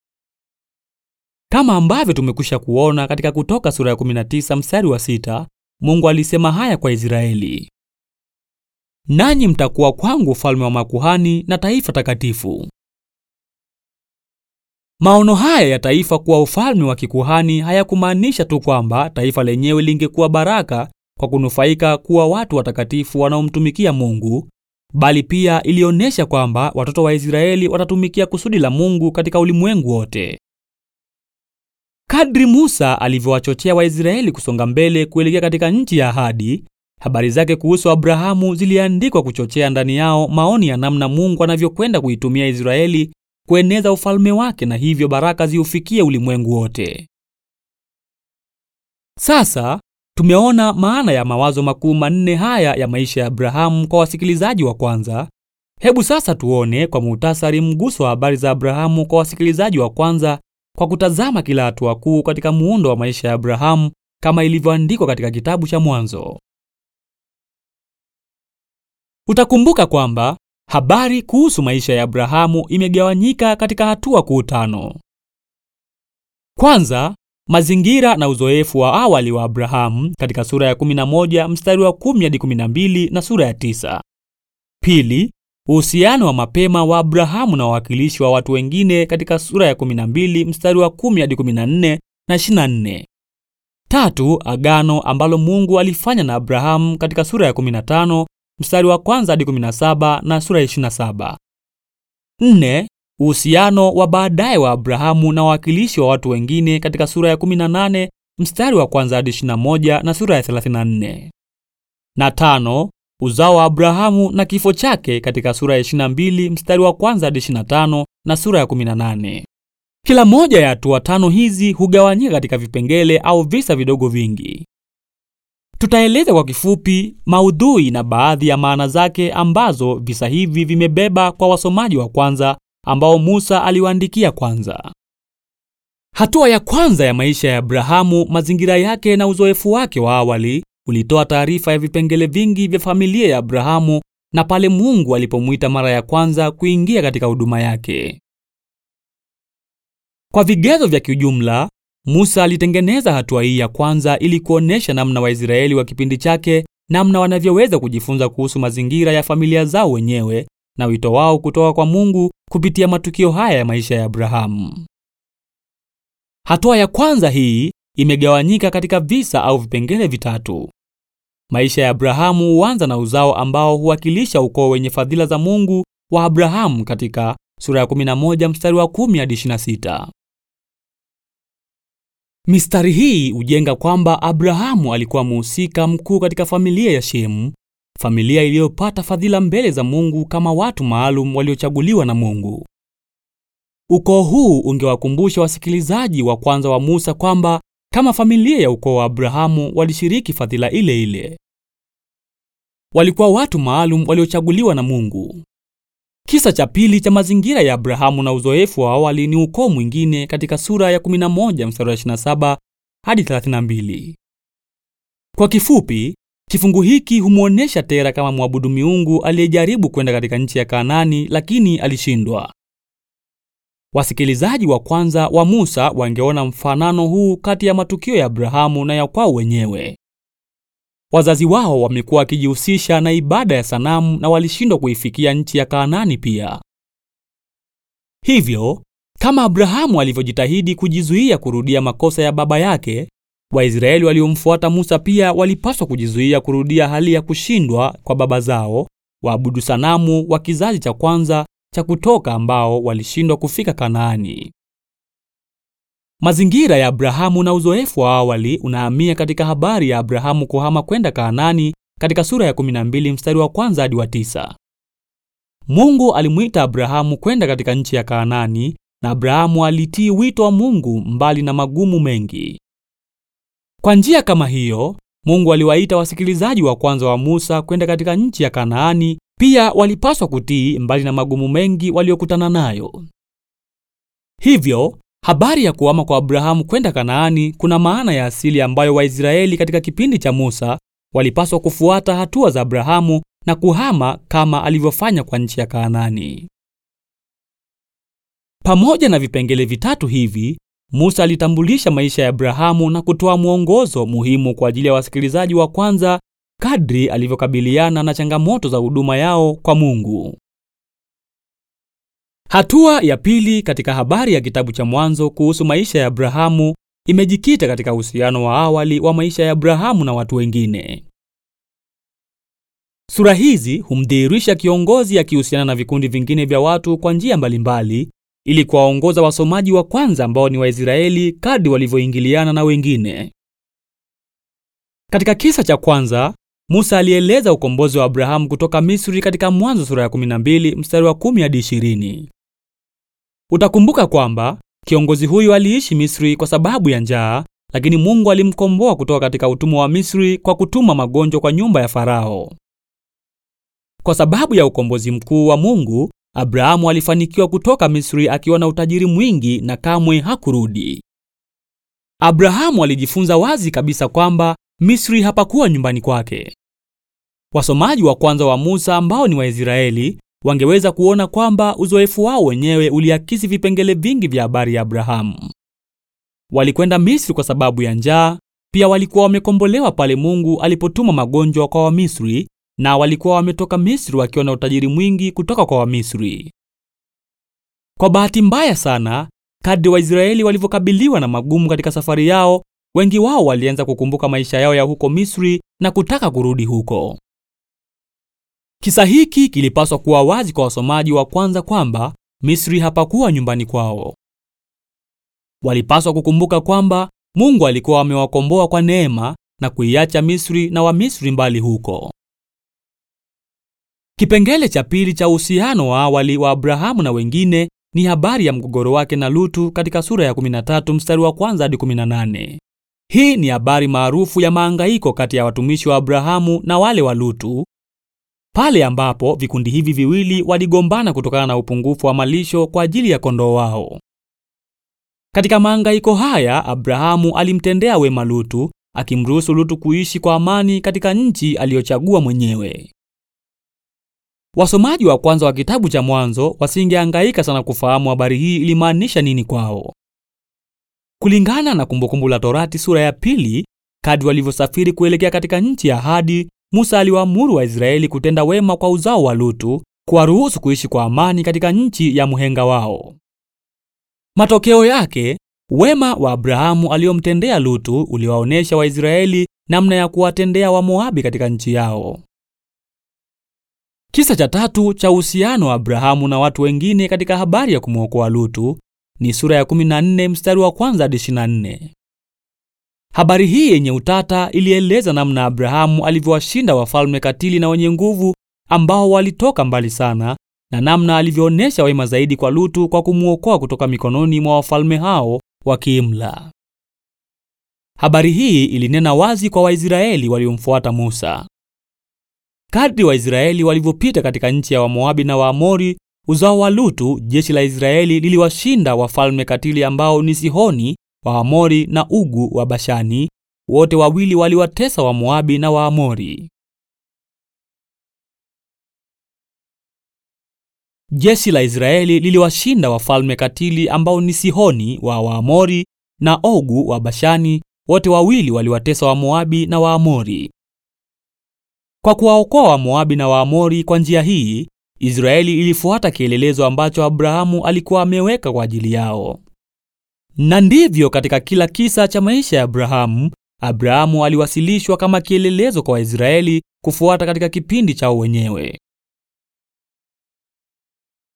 Kama ambavyo tumekwisha kuona katika Kutoka sura ya 19 mstari wa 6, Mungu alisema haya kwa Israeli nanyi mtakuwa kwangu ufalme wa makuhani na taifa takatifu. Maono haya ya taifa kuwa ufalme wa kikuhani hayakumaanisha tu kwamba taifa lenyewe lingekuwa baraka kwa kunufaika kuwa watu watakatifu wanaomtumikia Mungu, bali pia ilionyesha kwamba watoto wa Israeli watatumikia kusudi la Mungu katika ulimwengu wote. Kadri Musa alivyowachochea Waisraeli kusonga mbele kuelekea katika nchi ya ahadi, Habari zake kuhusu Abrahamu ziliandikwa kuchochea ndani yao maoni ya namna Mungu anavyokwenda kuitumia Israeli kueneza ufalme wake na hivyo baraka ziufikie ulimwengu wote. Sasa tumeona maana ya mawazo makuu manne haya ya maisha ya Abrahamu kwa wasikilizaji wa kwanza. Hebu sasa tuone kwa muhtasari mguso wa habari za Abrahamu kwa wasikilizaji wa kwanza kwa kutazama kila hatua kuu katika muundo wa maisha ya Abrahamu kama ilivyoandikwa katika kitabu cha Mwanzo. Utakumbuka kwamba habari kuhusu maisha ya Abrahamu imegawanyika katika hatua kuu tano. Kwanza, mazingira na uzoefu wa awali wa Abrahamu katika sura ya 11 mstari wa 10 hadi 12 na sura ya 9. Pili, uhusiano wa mapema wa Abrahamu na wawakilishi wa watu wengine katika sura ya 12 mstari wa 10 hadi 14 na 24. Tatu, agano ambalo Mungu alifanya na Abrahamu katika sura ya 15 mstari wa kwanza hadi 17 na sura 27. Nne, uhusiano wa baadaye wa Abrahamu na wawakilishi wa watu wengine katika sura ya 18 mstari wa kwanza hadi 21 na sura ya 34. Na tano, uzao wa Abrahamu na kifo chake katika sura ya 22 mstari wa kwanza hadi 25 na sura ya 18. Kila moja ya hatua tano hizi hugawanyika katika vipengele au visa vidogo vingi. Tutaeleza kwa kifupi maudhui na baadhi ya maana zake ambazo visa hivi vimebeba kwa wasomaji wa kwanza ambao Musa aliwaandikia kwanza. Hatua ya kwanza ya maisha ya Abrahamu, mazingira yake na uzoefu wake wa awali ulitoa taarifa ya vipengele vingi vya familia ya Abrahamu na pale Mungu alipomwita mara ya kwanza kuingia katika huduma yake. Kwa vigezo vya kiujumla, Musa alitengeneza hatua hii ya kwanza ili kuonesha namna Waisraeli wa kipindi chake namna wanavyoweza kujifunza kuhusu mazingira ya familia zao wenyewe na wito wao kutoka kwa Mungu kupitia matukio haya ya maisha ya Abrahamu. Hatua ya kwanza hii imegawanyika katika visa au vipengele vitatu. Maisha ya Abrahamu huanza na uzao ambao huwakilisha ukoo wenye fadhila za Mungu wa Abrahamu katika sura ya 11 mstari wa 10 hadi 26. Mistari hii hujenga kwamba Abrahamu alikuwa mhusika mkuu katika familia ya Shemu, familia iliyopata fadhila mbele za Mungu kama watu maalum waliochaguliwa na Mungu. Ukoo huu ungewakumbusha wasikilizaji wa kwanza wa Musa kwamba kama familia ya ukoo wa Abrahamu walishiriki fadhila ile ile. Walikuwa watu maalum waliochaguliwa na Mungu. Kisa cha pili cha mazingira ya Abrahamu na uzoefu wa awali ni ukoo mwingine katika sura ya 11 mstari wa 27 hadi 32. Kwa kifupi, kifungu hiki humwonyesha Tera kama mwabudu miungu aliyejaribu kwenda katika nchi ya Kanaani lakini alishindwa. Wasikilizaji wa kwanza wa Musa wangeona mfanano huu kati ya matukio ya Abrahamu na ya kwao wenyewe. Wazazi wao wamekuwa wakijihusisha na ibada ya sanamu na walishindwa kuifikia nchi ya Kanaani pia. Hivyo, kama Abrahamu alivyojitahidi kujizuia kurudia makosa ya baba yake, Waisraeli waliomfuata Musa pia walipaswa kujizuia kurudia hali ya kushindwa kwa baba zao, waabudu sanamu wa kizazi cha kwanza cha kutoka ambao walishindwa kufika Kanaani. Mazingira ya Abrahamu na uzoefu wa awali unahamia katika habari ya Abrahamu kuhama kwenda Kaanani katika sura ya 12 mstari wa kwanza hadi wa tisa. Mungu alimwita Abrahamu kwenda katika nchi ya Kaanani na Abrahamu alitii wito wa Mungu mbali na magumu mengi. Kwa njia kama hiyo, Mungu aliwaita wasikilizaji wa kwanza wa Musa kwenda katika nchi ya Kanaani, pia walipaswa kutii mbali na magumu mengi waliokutana nayo. Hivyo, Habari ya kuhama kwa Abrahamu kwenda Kanaani kuna maana ya asili ambayo Waisraeli katika kipindi cha Musa walipaswa kufuata hatua za Abrahamu na kuhama kama alivyofanya kwa nchi ya Kanaani. Pamoja na vipengele vitatu hivi, Musa alitambulisha maisha ya Abrahamu na kutoa mwongozo muhimu kwa ajili ya wasikilizaji wa kwanza kadri alivyokabiliana na changamoto za huduma yao kwa Mungu. Hatua ya pili katika habari ya kitabu cha Mwanzo kuhusu maisha ya Abrahamu imejikita katika uhusiano wa awali wa maisha ya Abrahamu na watu wengine. Sura hizi humdhihirisha kiongozi akihusiana na vikundi vingine vya watu kwa njia mbalimbali ili kuwaongoza wasomaji wa kwanza ambao ni Waisraeli kadri walivyoingiliana na wengine. Katika kisa cha kwanza, Musa alieleza ukombozi wa Abrahamu kutoka Misri katika Mwanzo sura ya 12 mstari wa 10 hadi Utakumbuka kwamba kiongozi huyu aliishi Misri kwa sababu ya njaa, lakini Mungu alimkomboa kutoka katika utumwa wa Misri kwa kutuma magonjwa kwa nyumba ya Farao. Kwa sababu ya ukombozi mkuu wa Mungu, Abrahamu alifanikiwa kutoka Misri akiwa na utajiri mwingi na kamwe hakurudi. Abrahamu alijifunza wazi kabisa kwamba Misri hapakuwa nyumbani kwake. Wasomaji wa kwanza wa Musa ambao ni Waisraeli wangeweza kuona kwamba uzoefu wao wenyewe uliakisi vipengele vingi vya habari ya Abrahamu. Walikwenda Misri kwa sababu ya njaa, pia walikuwa wamekombolewa pale Mungu alipotuma magonjwa kwa Wamisri na walikuwa wametoka Misri wakiwa na utajiri mwingi kutoka kwa Wamisri. Kwa bahati mbaya sana, kadri Waisraeli walivyokabiliwa na magumu katika safari yao, wengi wao walianza kukumbuka maisha yao ya huko Misri na kutaka kurudi huko. Kisa hiki kilipaswa kuwa wazi kwa wasomaji wa kwanza kwamba Misri hapakuwa nyumbani kwao. Walipaswa kukumbuka kwamba Mungu alikuwa amewakomboa kwa neema na kuiacha Misri na Wamisri mbali huko. Kipengele cha pili cha uhusiano wa awali wa Abrahamu na wengine ni habari ya mgogoro wake na Lutu katika sura ya 13 mstari wa kwanza hadi 18. Hii ni habari maarufu ya maangaiko kati ya watumishi wa Abrahamu na wale wa Lutu pale ambapo vikundi hivi viwili waligombana kutokana na upungufu wa malisho kwa ajili ya kondoo wao. Katika maangaiko haya, Abrahamu alimtendea wema Lutu, akimruhusu Lutu kuishi kwa amani katika nchi aliyochagua mwenyewe. Wasomaji wa kwanza wa kitabu cha Mwanzo wasingehangaika sana kufahamu habari hii ilimaanisha nini kwao. Kulingana na Kumbukumbu la Torati sura ya pili, kadri walivyosafiri kuelekea katika nchi ya ahadi, Musa aliwaamuru Waisraeli kutenda wema kwa uzao wa Lutu, kuwaruhusu kuishi kwa amani katika nchi ya muhenga wao. Matokeo yake, wema wa Abrahamu aliyomtendea Lutu uliwaonesha Waisraeli namna ya kuwatendea Wamoabi katika nchi yao. Kisa cha tatu cha uhusiano wa Abrahamu na watu wengine katika habari ya kumwokoa Lutu ni sura ya 14 mstari wa kwanza hadi 24. Habari hii yenye utata ilieleza namna Abrahamu alivyowashinda wafalme katili na wenye nguvu ambao walitoka mbali sana na namna alivyoonyesha wema zaidi kwa Lutu kwa kumwokoa kutoka mikononi mwa wafalme hao wa kiimla. Habari hii ilinena wazi kwa Waisraeli waliomfuata Musa. Kadri Waisraeli walivyopita katika nchi ya Wamoabi na Waamori, uzao wa Lutu, jeshi la Israeli liliwashinda wafalme katili ambao ni Sihoni Waamori na Ugu wa Bashani, wote wawili waliwatesa Wamoabi na Waamori. Jeshi la Israeli liliwashinda wafalme katili ambao ni Sihoni wa Waamori na Ogu wa Bashani, wote wawili waliwatesa Wamoabi na Waamori. Kwa kuwaokoa Wamoabi na Waamori kwa njia hii, Israeli ilifuata kielelezo ambacho Abrahamu alikuwa ameweka kwa ajili yao. Na ndivyo katika kila kisa cha maisha ya Abrahamu, Abrahamu aliwasilishwa kama kielelezo kwa Waisraeli kufuata katika kipindi chao wenyewe.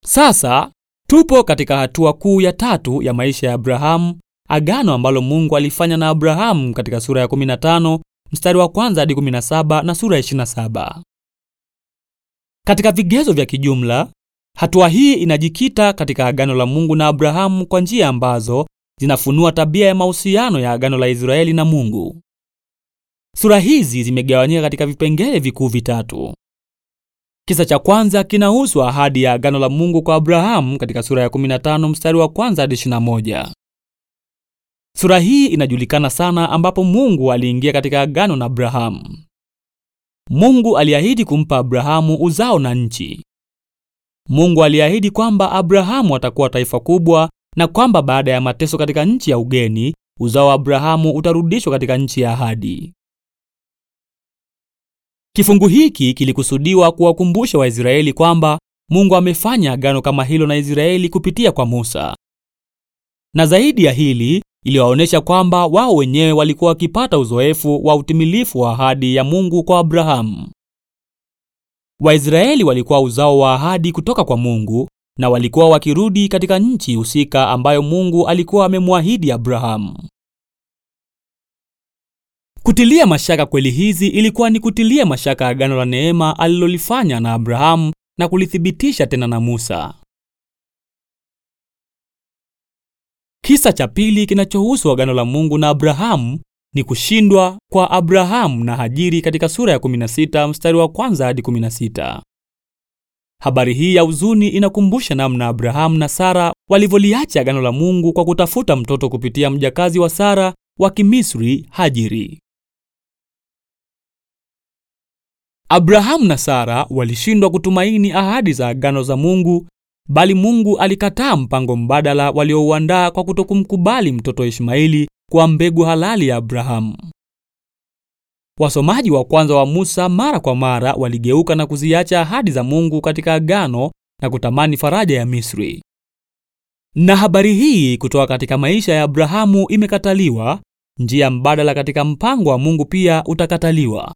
Sasa tupo katika hatua kuu ya tatu ya maisha ya Abrahamu, agano ambalo Mungu alifanya na Abrahamu katika sura ya 15 mstari wa kwanza hadi 17 na sura ya 27. Katika vigezo vya kijumla, hatua hii inajikita katika agano la Mungu na Abrahamu kwa njia ambazo zinafunua tabia ya mahusiano ya agano la Israeli na Mungu. Sura hizi zimegawanyika katika vipengele vikuu vitatu. Kisa cha kwanza kinahusu ahadi ya agano la Mungu kwa Abrahamu katika sura ya 15 mstari wa kwanza hadi 21. Sura hii inajulikana sana ambapo Mungu aliingia katika agano na Abrahamu. Mungu aliahidi kumpa Abrahamu uzao na nchi. Mungu aliahidi kwamba Abrahamu atakuwa taifa kubwa na kwamba baada ya mateso katika nchi ya ugeni uzao wa Abrahamu utarudishwa katika nchi ya ahadi. Kifungu hiki kilikusudiwa kuwakumbusha Waisraeli kwamba Mungu amefanya agano kama hilo na Israeli kupitia kwa Musa. Na zaidi ya hili, iliwaonesha kwamba wao wenyewe walikuwa wakipata uzoefu wa utimilifu wa ahadi ya Mungu kwa Abrahamu. Waisraeli walikuwa uzao wa ahadi kutoka kwa Mungu na walikuwa wakirudi katika nchi husika ambayo Mungu alikuwa amemwahidi Abrahamu. Kutilia mashaka kweli hizi ilikuwa ni kutilia mashaka agano la neema alilolifanya na Abrahamu na kulithibitisha tena na Musa. Kisa cha pili kinachohusu agano la Mungu na Abrahamu ni kushindwa kwa Abrahamu na Hajiri katika sura ya 16 mstari wa kwanza hadi 16. Habari hii ya huzuni inakumbusha namna Abrahamu na Sara walivyoliacha agano la Mungu kwa kutafuta mtoto kupitia mjakazi wa Sara wa Kimisri Hajiri. Abrahamu na Sara walishindwa kutumaini ahadi za agano za Mungu, bali Mungu alikataa mpango mbadala waliouandaa kwa kutokumkubali mtoto Ishmaeli kwa mbegu halali ya Abrahamu. Wasomaji wa kwanza wa Musa mara kwa mara waligeuka na kuziacha ahadi za Mungu katika agano na kutamani faraja ya Misri. Na habari hii kutoka katika maisha ya Abrahamu imekataliwa, njia mbadala katika mpango wa Mungu pia utakataliwa.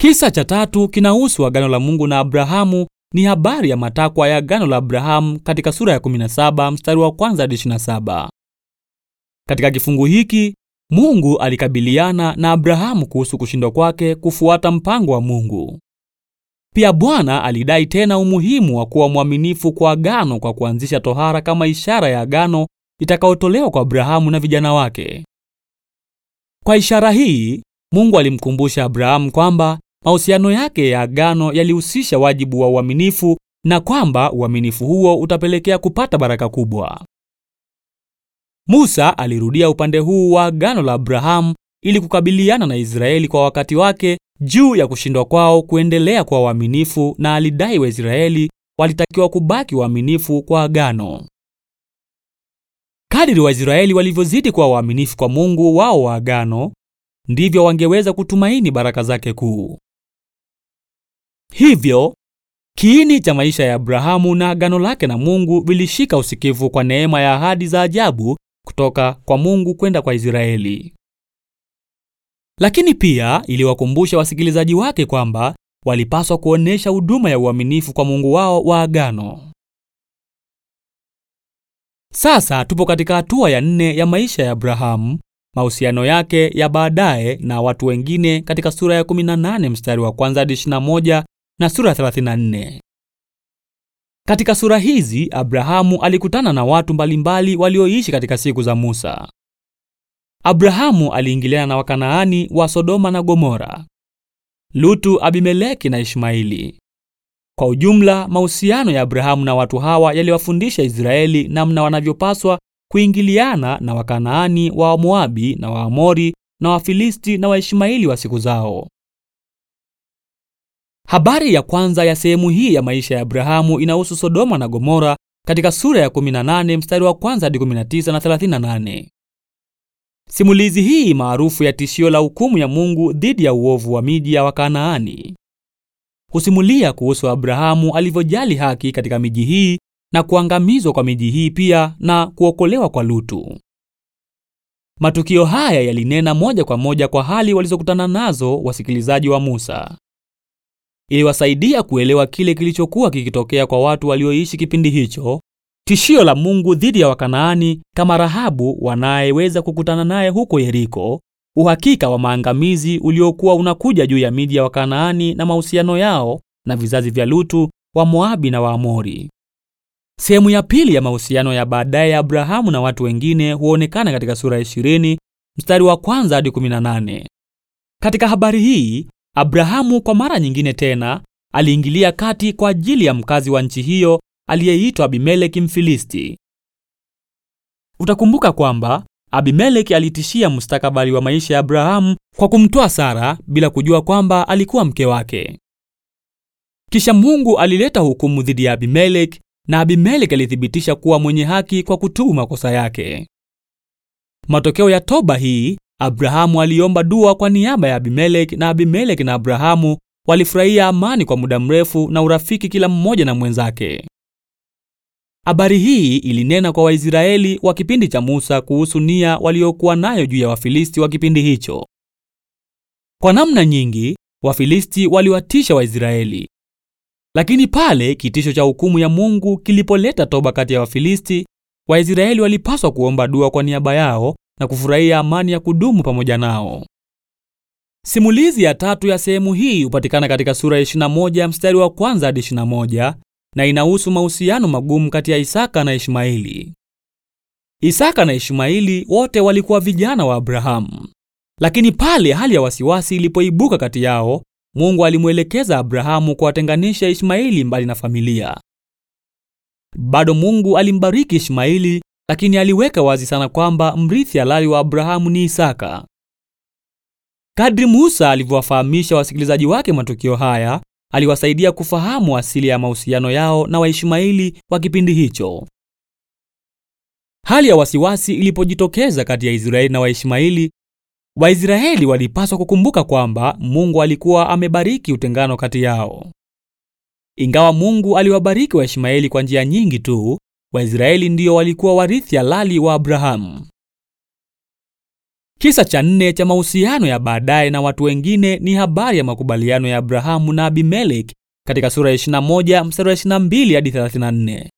Kisa cha tatu kinahusu agano la Mungu na Abrahamu. Ni habari ya matakwa ya agano la Abrahamu katika sura ya 17 mstari wa kwanza hadi 27. Katika kifungu hiki Mungu alikabiliana na Abrahamu kuhusu kushindwa kwake kufuata mpango wa Mungu. Pia Bwana alidai tena umuhimu wa kuwa mwaminifu kwa agano kwa kuanzisha tohara kama ishara ya agano itakayotolewa kwa Abrahamu na vijana wake. Kwa ishara hii, Mungu alimkumbusha Abrahamu kwamba mahusiano yake ya agano yalihusisha wajibu wa uaminifu na kwamba uaminifu huo utapelekea kupata baraka kubwa. Musa alirudia upande huu wa agano la Abrahamu ili kukabiliana na Israeli kwa wakati wake juu ya kushindwa kwao kuendelea kwa uaminifu, na alidai Waisraeli walitakiwa kubaki waaminifu kwa agano. Kadiri Waisraeli walivyozidi kuwa waaminifu kwa Mungu wao wa agano, ndivyo wangeweza kutumaini baraka zake kuu. Hivyo kiini cha maisha ya Abrahamu na agano lake na Mungu vilishika usikivu kwa neema ya ahadi za ajabu kutoka kwa Mungu kwenda kwa Israeli. Lakini pia iliwakumbusha wasikilizaji wake kwamba walipaswa kuonesha huduma ya uaminifu kwa Mungu wao wa agano. Sasa tupo katika hatua ya nne ya maisha ya Abrahamu, mahusiano yake ya baadaye na watu wengine katika sura ya 18 mstari wa kwanza hadi 21 na sura ya 34. Katika sura hizi Abrahamu alikutana na watu mbalimbali walioishi katika siku za Musa. Abrahamu aliingiliana na Wakanaani wa Sodoma na Gomora, Lutu, Abimeleki na Ishmaili. Kwa ujumla, mahusiano ya Abrahamu na watu hawa yaliwafundisha Israeli namna wanavyopaswa kuingiliana na Wakanaani wa Moabi na Waamori na Wafilisti na Waishmaeli wa siku zao. Habari ya kwanza ya sehemu hii ya maisha ya Abrahamu inahusu Sodoma na Gomora katika sura ya 18 mstari wa kwanza hadi 19 na 38. Simulizi hii maarufu ya tishio la hukumu ya Mungu dhidi ya uovu wa miji ya Wakanaani husimulia kuhusu Abrahamu alivyojali haki katika miji hii na kuangamizwa kwa miji hii pia na kuokolewa kwa Lutu. Matukio haya yalinena moja kwa moja kwa hali walizokutana nazo wasikilizaji wa Musa iliwasaidia kuelewa kile kilichokuwa kikitokea kwa watu walioishi kipindi hicho, tishio la Mungu dhidi ya Wakanaani kama Rahabu wanayeweza kukutana naye huko Yeriko, uhakika wa maangamizi uliokuwa unakuja juu ya miji ya Wakanaani na mahusiano yao na vizazi vya Lutu wa Moabi na Waamori. Sehemu ya pili ya mahusiano ya baadaye ya Abrahamu na watu wengine huonekana katika sura 20 mstari wa kwanza hadi 18. Katika habari hii Abrahamu kwa mara nyingine tena aliingilia kati kwa ajili ya mkazi wa nchi hiyo aliyeitwa Abimeleki Mfilisti. Utakumbuka kwamba Abimeleki alitishia mustakabali wa maisha ya Abrahamu kwa kumtoa Sara bila kujua kwamba alikuwa mke wake. Kisha Mungu alileta hukumu dhidi ya Abimeleki na Abimeleki alithibitisha kuwa mwenye haki kwa kutubu makosa yake. Matokeo ya toba hii Abrahamu aliomba dua kwa niaba ya Abimeleki na Abimeleki na Abrahamu walifurahia amani kwa muda mrefu na urafiki kila mmoja na mwenzake. Habari hii ilinena kwa Waisraeli wa kipindi cha Musa kuhusu nia waliokuwa nayo juu ya Wafilisti wa kipindi hicho. Kwa namna nyingi, Wafilisti waliwatisha Waisraeli. Lakini pale kitisho cha hukumu ya Mungu kilipoleta toba kati ya Wafilisti, Waisraeli walipaswa kuomba dua kwa niaba yao na kufurahia amani ya kudumu pamoja nao. Simulizi ya tatu ya sehemu hii hupatikana katika sura ya 21 mstari wa kwanza hadi 21 na inahusu mahusiano magumu kati ya Isaka na Ishmaeli. Isaka na Ishmaeli wote walikuwa vijana wa Abrahamu, lakini pale hali ya wasiwasi ilipoibuka kati yao, Mungu alimwelekeza Abrahamu kuwatenganisha Ishmaeli mbali na familia. Bado Mungu alimbariki Ishmaeli lakini aliweka wazi sana kwamba mrithi halali wa Abrahamu ni Isaka. Kadri Musa alivyowafahamisha wasikilizaji wake matukio haya, aliwasaidia kufahamu asili ya mahusiano yao na Waishmaeli wa kipindi hicho. Hali ya wasiwasi ilipojitokeza kati ya Israeli na Waishmaeli, Waisraeli walipaswa kukumbuka kwamba Mungu alikuwa amebariki utengano kati yao. Ingawa Mungu aliwabariki Waishmaeli kwa njia nyingi tu, Waisraeli ndio walikuwa warithi halali wa Abrahamu. Kisa cha nne cha mahusiano ya baadaye na watu wengine ni habari ya makubaliano ya Abrahamu na Abimeleki katika sura ya 21 mstari wa 22 hadi 34.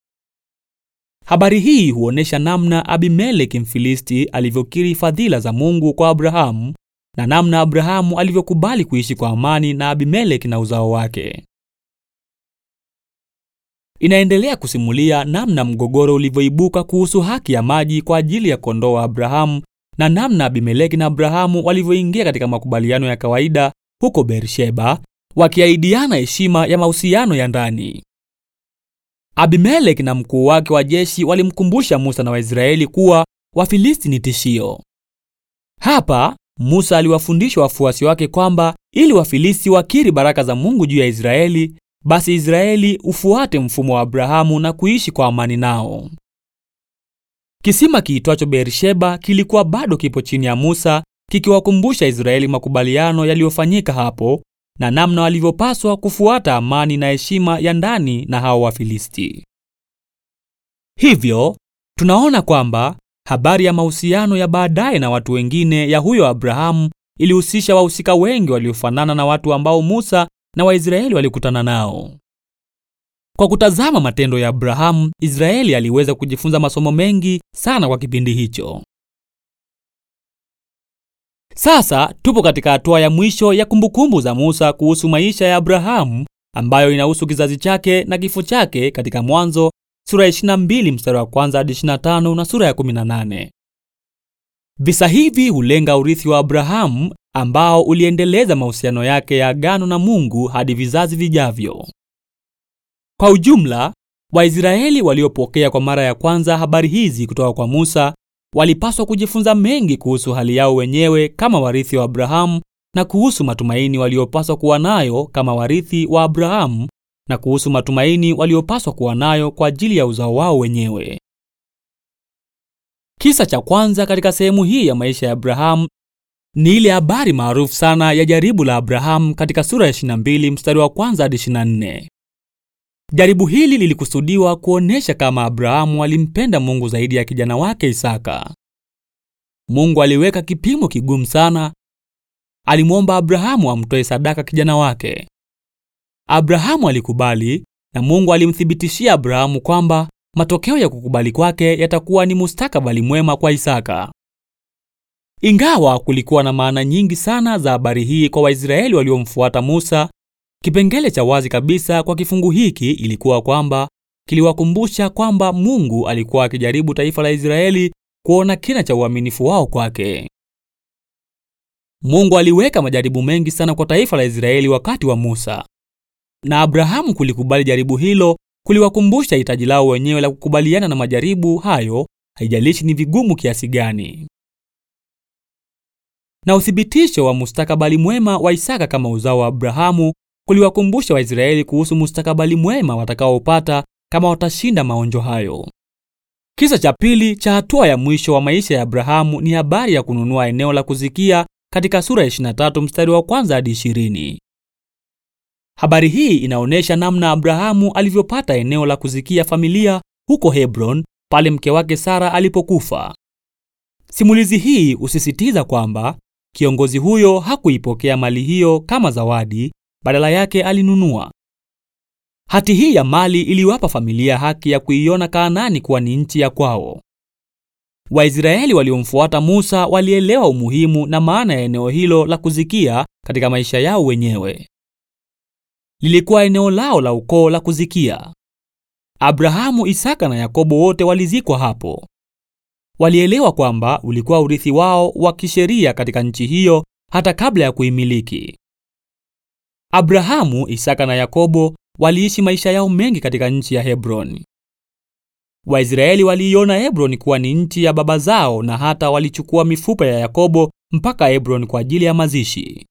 Habari hii huonesha namna Abimeleki Mfilisti alivyokiri fadhila za Mungu kwa Abrahamu na namna Abrahamu alivyokubali kuishi kwa amani na Abimeleki na uzao wake inaendelea kusimulia namna mgogoro ulivyoibuka kuhusu haki ya maji kwa ajili ya kondoo wa Abrahamu na namna Abimeleki na Abrahamu walivyoingia katika makubaliano ya kawaida huko Beersheba, wakiahidiana heshima ya mahusiano ya ndani. Abimeleki na mkuu wake wa jeshi walimkumbusha Musa na Waisraeli kuwa Wafilisti ni tishio. Hapa Musa aliwafundisha wafuasi wake kwamba ili Wafilisti wakiri baraka za Mungu juu ya Israeli, basi Israeli ufuate mfumo wa Abrahamu na kuishi kwa amani nao. Kisima kiitwacho Beersheba kilikuwa bado kipo chini ya Musa, kikiwakumbusha Israeli makubaliano yaliyofanyika hapo na namna walivyopaswa kufuata amani na heshima ya ndani na hao Wafilisti. Hivyo tunaona kwamba habari ya mahusiano ya baadaye na watu wengine ya huyo Abrahamu ilihusisha wahusika wengi waliofanana na watu ambao Musa na Waisraeli walikutana nao. Kwa kutazama matendo ya Abrahamu, Israeli aliweza kujifunza masomo mengi sana kwa kipindi hicho. Sasa tupo katika hatua ya mwisho ya kumbukumbu za Musa kuhusu maisha ya Abrahamu ambayo inahusu kizazi chake na kifo chake katika Mwanzo sura ya 22 mstari wa kwanza hadi 25 na sura ya 18. Visa hivi hulenga urithi wa Abrahamu ambao uliendeleza mahusiano yake ya agano na Mungu hadi vizazi vijavyo. Kwa ujumla, Waisraeli waliopokea kwa mara ya kwanza habari hizi kutoka kwa Musa walipaswa kujifunza mengi kuhusu hali yao wenyewe kama warithi wa Abrahamu na kuhusu matumaini waliopaswa kuwa nayo kama warithi wa Abrahamu na kuhusu matumaini waliopaswa kuwa nayo kwa ajili ya uzao wao wenyewe. Kisa cha kwanza katika sehemu hii ya maisha ya Abrahamu ni ile habari maarufu sana ya jaribu la Abrahamu katika sura ya 22 mstari wa kwanza hadi 24. Jaribu hili lilikusudiwa kuonesha kama Abrahamu alimpenda Mungu zaidi ya kijana wake Isaka. Mungu aliweka kipimo kigumu sana. Alimwomba Abrahamu amtoe sadaka kijana wake. Abrahamu alikubali na Mungu alimthibitishia Abrahamu kwamba matokeo ya kukubali kwake yatakuwa ni mustakabali mwema kwa Isaka. Ingawa kulikuwa na maana nyingi sana za habari hii kwa Waisraeli waliomfuata Musa, kipengele cha wazi kabisa kwa kifungu hiki ilikuwa kwamba kiliwakumbusha kwamba Mungu alikuwa akijaribu taifa la Israeli kuona kina cha uaminifu wao kwake. Mungu aliweka majaribu mengi sana kwa taifa la Israeli wakati wa Musa. Na Abrahamu kulikubali jaribu hilo kuliwakumbusha hitaji lao wenyewe la kukubaliana na majaribu hayo, haijalishi ni vigumu kiasi gani na uthibitisho wa mustakabali mwema wa Isaka kama uzao wa Abrahamu kuliwakumbusha Waisraeli kuhusu mustakabali mwema watakaopata kama watashinda maonjo hayo. Kisa cha pili cha hatua ya mwisho wa maisha ya Abrahamu ni habari ya kununua eneo la kuzikia katika sura ya 23 mstari wa kwanza hadi 20. Habari hii inaonyesha namna Abrahamu alivyopata eneo la kuzikia familia huko Hebron pale mke wake Sara alipokufa. Simulizi hii usisitiza kwamba Kiongozi huyo hakuipokea mali hiyo kama zawadi, badala yake alinunua. Hati hii ya mali iliwapa familia haki ya kuiona Kaanani kuwa ni nchi ya kwao. Waisraeli waliomfuata Musa walielewa umuhimu na maana ya eneo hilo la kuzikia katika maisha yao wenyewe. Lilikuwa eneo lao la ukoo la kuzikia. Abrahamu, Isaka na Yakobo wote walizikwa hapo. Walielewa kwamba ulikuwa urithi wao wa kisheria katika nchi hiyo hata kabla ya kuimiliki. Abrahamu, Isaka na Yakobo waliishi maisha yao mengi katika nchi ya Hebroni. Waisraeli waliiona Hebroni kuwa ni nchi ya baba zao na hata walichukua mifupa ya Yakobo mpaka Hebroni kwa ajili ya mazishi.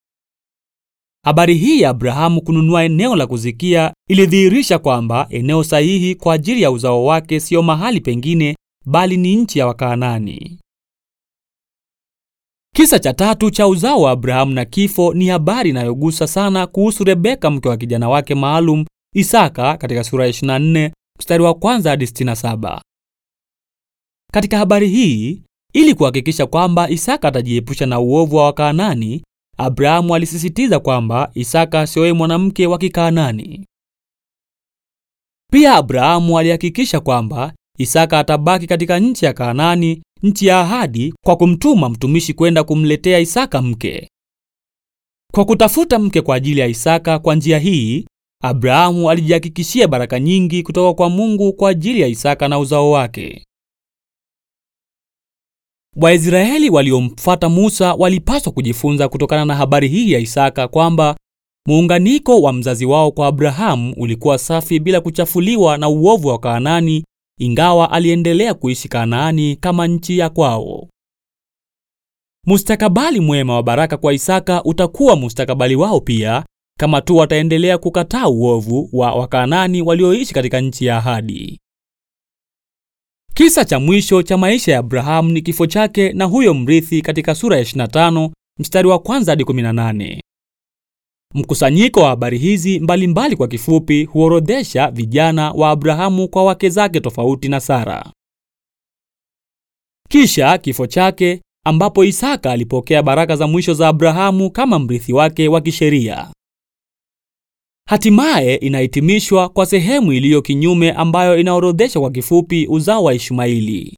Habari hii ya Abrahamu kununua eneo la kuzikia ilidhihirisha kwamba eneo sahihi kwa ajili ya uzao wake sio mahali pengine bali ni nchi ya Wakaanani. Kisa cha tatu cha uzao wa Abrahamu na kifo ni habari inayogusa sana kuhusu Rebeka, mke wa kijana wake maalum Isaka, katika sura ya 24 mstari wa kwanza hadi 67. Katika habari hii, ili kuhakikisha kwamba Isaka atajiepusha na uovu wa Wakaanani, Abrahamu alisisitiza kwamba Isaka asioe mwanamke wa Kikaanani. Pia Abrahamu alihakikisha kwamba Isaka atabaki katika nchi ya Kanaani, nchi ya ahadi, kwa kumtuma mtumishi kwenda kumletea Isaka mke. Kwa kutafuta mke kwa ajili ya Isaka kwa njia hii, Abrahamu alijihakikishia baraka nyingi kutoka kwa Mungu kwa ajili ya Isaka na uzao wake. Waisraeli waliomfuata Musa walipaswa kujifunza kutokana na habari hii ya Isaka kwamba muunganiko wa mzazi wao kwa Abrahamu ulikuwa safi bila kuchafuliwa na uovu wa Kanaani ingawa aliendelea kuishi Kanaani kama nchi ya kwao. Mustakabali mwema wa baraka kwa Isaka utakuwa mustakabali wao pia, kama tu wataendelea kukataa uovu wa Wakanaani walioishi katika nchi ya ahadi. Kisa cha mwisho cha maisha ya Abrahamu ni kifo chake na huyo mrithi katika sura ya 25 mstari wa kwanza hadi 18. Mkusanyiko wa habari hizi mbalimbali mbali kwa kifupi huorodhesha vijana wa Abrahamu kwa wake zake tofauti na Sara. Kisha kifo chake ambapo Isaka alipokea baraka za mwisho za Abrahamu kama mrithi wake wa kisheria. Hatimaye inahitimishwa kwa sehemu iliyo kinyume ambayo inaorodhesha kwa kifupi uzao wa Ishmaeli.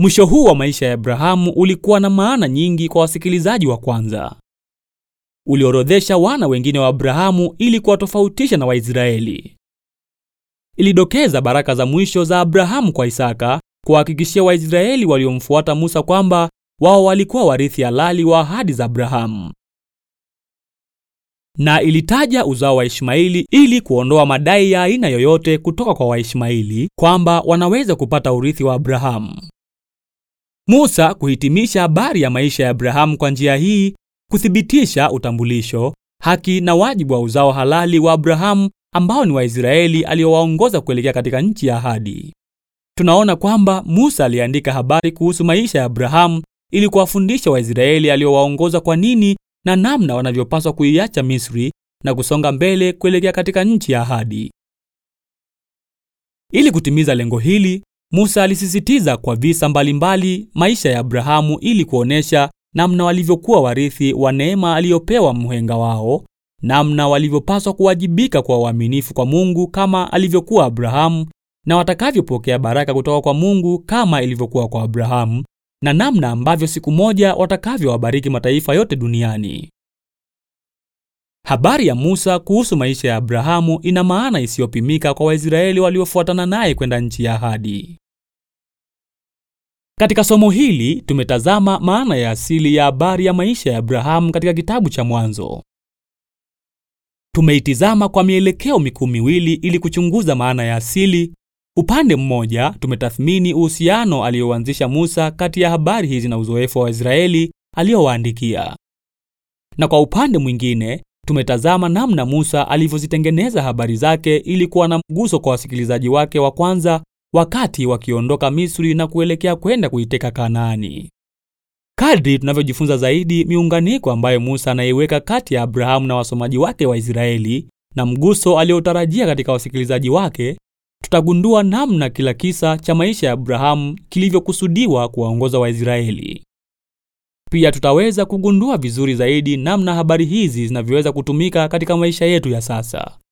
Mwisho huu wa maisha ya Abrahamu ulikuwa na maana nyingi kwa wasikilizaji wa kwanza uliorodhesha wana wengine wa Abrahamu ili kuwatofautisha na Waisraeli. Ilidokeza baraka za mwisho za Abrahamu kwa Isaka, kuhakikishia Waisraeli waliomfuata Musa kwamba wao walikuwa warithi halali wa ahadi za Abrahamu. Na ilitaja uzao wa Ishmaeli ili kuondoa madai ya aina yoyote kutoka kwa Waishmaeli kwamba wanaweza kupata urithi wa Abrahamu. Musa kuhitimisha habari ya maisha ya Abrahamu kwa njia hii kuthibitisha utambulisho, haki na wajibu wa uzao halali wa Abrahamu ambao ni Waisraeli aliowaongoza kuelekea katika nchi ya ahadi. Tunaona kwamba Musa aliandika habari kuhusu maisha ya Abrahamu ili kuwafundisha Waisraeli aliowaongoza kwa nini na namna wanavyopaswa kuiacha Misri na kusonga mbele kuelekea katika nchi ya ahadi. Ili kutimiza lengo hili, Musa alisisitiza kwa visa mbalimbali maisha ya Abrahamu ili kuonesha namna walivyokuwa warithi wa neema aliyopewa mhenga wao, namna walivyopaswa kuwajibika kwa uaminifu kwa Mungu kama alivyokuwa Abrahamu, na watakavyopokea baraka kutoka kwa Mungu kama ilivyokuwa kwa Abrahamu, na namna ambavyo siku moja watakavyowabariki mataifa yote duniani. Habari ya Musa kuhusu maisha ya Abrahamu ina maana isiyopimika kwa Waisraeli waliofuatana naye kwenda nchi ya ahadi. Katika somo hili tumetazama maana ya asili ya habari ya maisha ya Abrahamu katika kitabu cha Mwanzo. Tumeitizama kwa mielekeo mikuu miwili ili kuchunguza maana ya asili. Upande mmoja, tumetathmini uhusiano alioanzisha Musa kati ya habari hizi na uzoefu wa Waisraeli aliyowaandikia na kwa upande mwingine, tumetazama namna Musa alivyozitengeneza habari zake ili kuwa na mguso kwa wasikilizaji wake wa kwanza wakati wakiondoka Misri na kuelekea kwenda kuiteka Kanaani. Kadri tunavyojifunza zaidi miunganiko ambayo Musa anaiweka kati ya Abrahamu na wasomaji wake wa Israeli na mguso aliotarajia katika wasikilizaji wake, tutagundua namna kila kisa cha maisha ya Abrahamu kilivyokusudiwa kuwaongoza Waisraeli. Pia tutaweza kugundua vizuri zaidi namna habari hizi zinavyoweza kutumika katika maisha yetu ya sasa.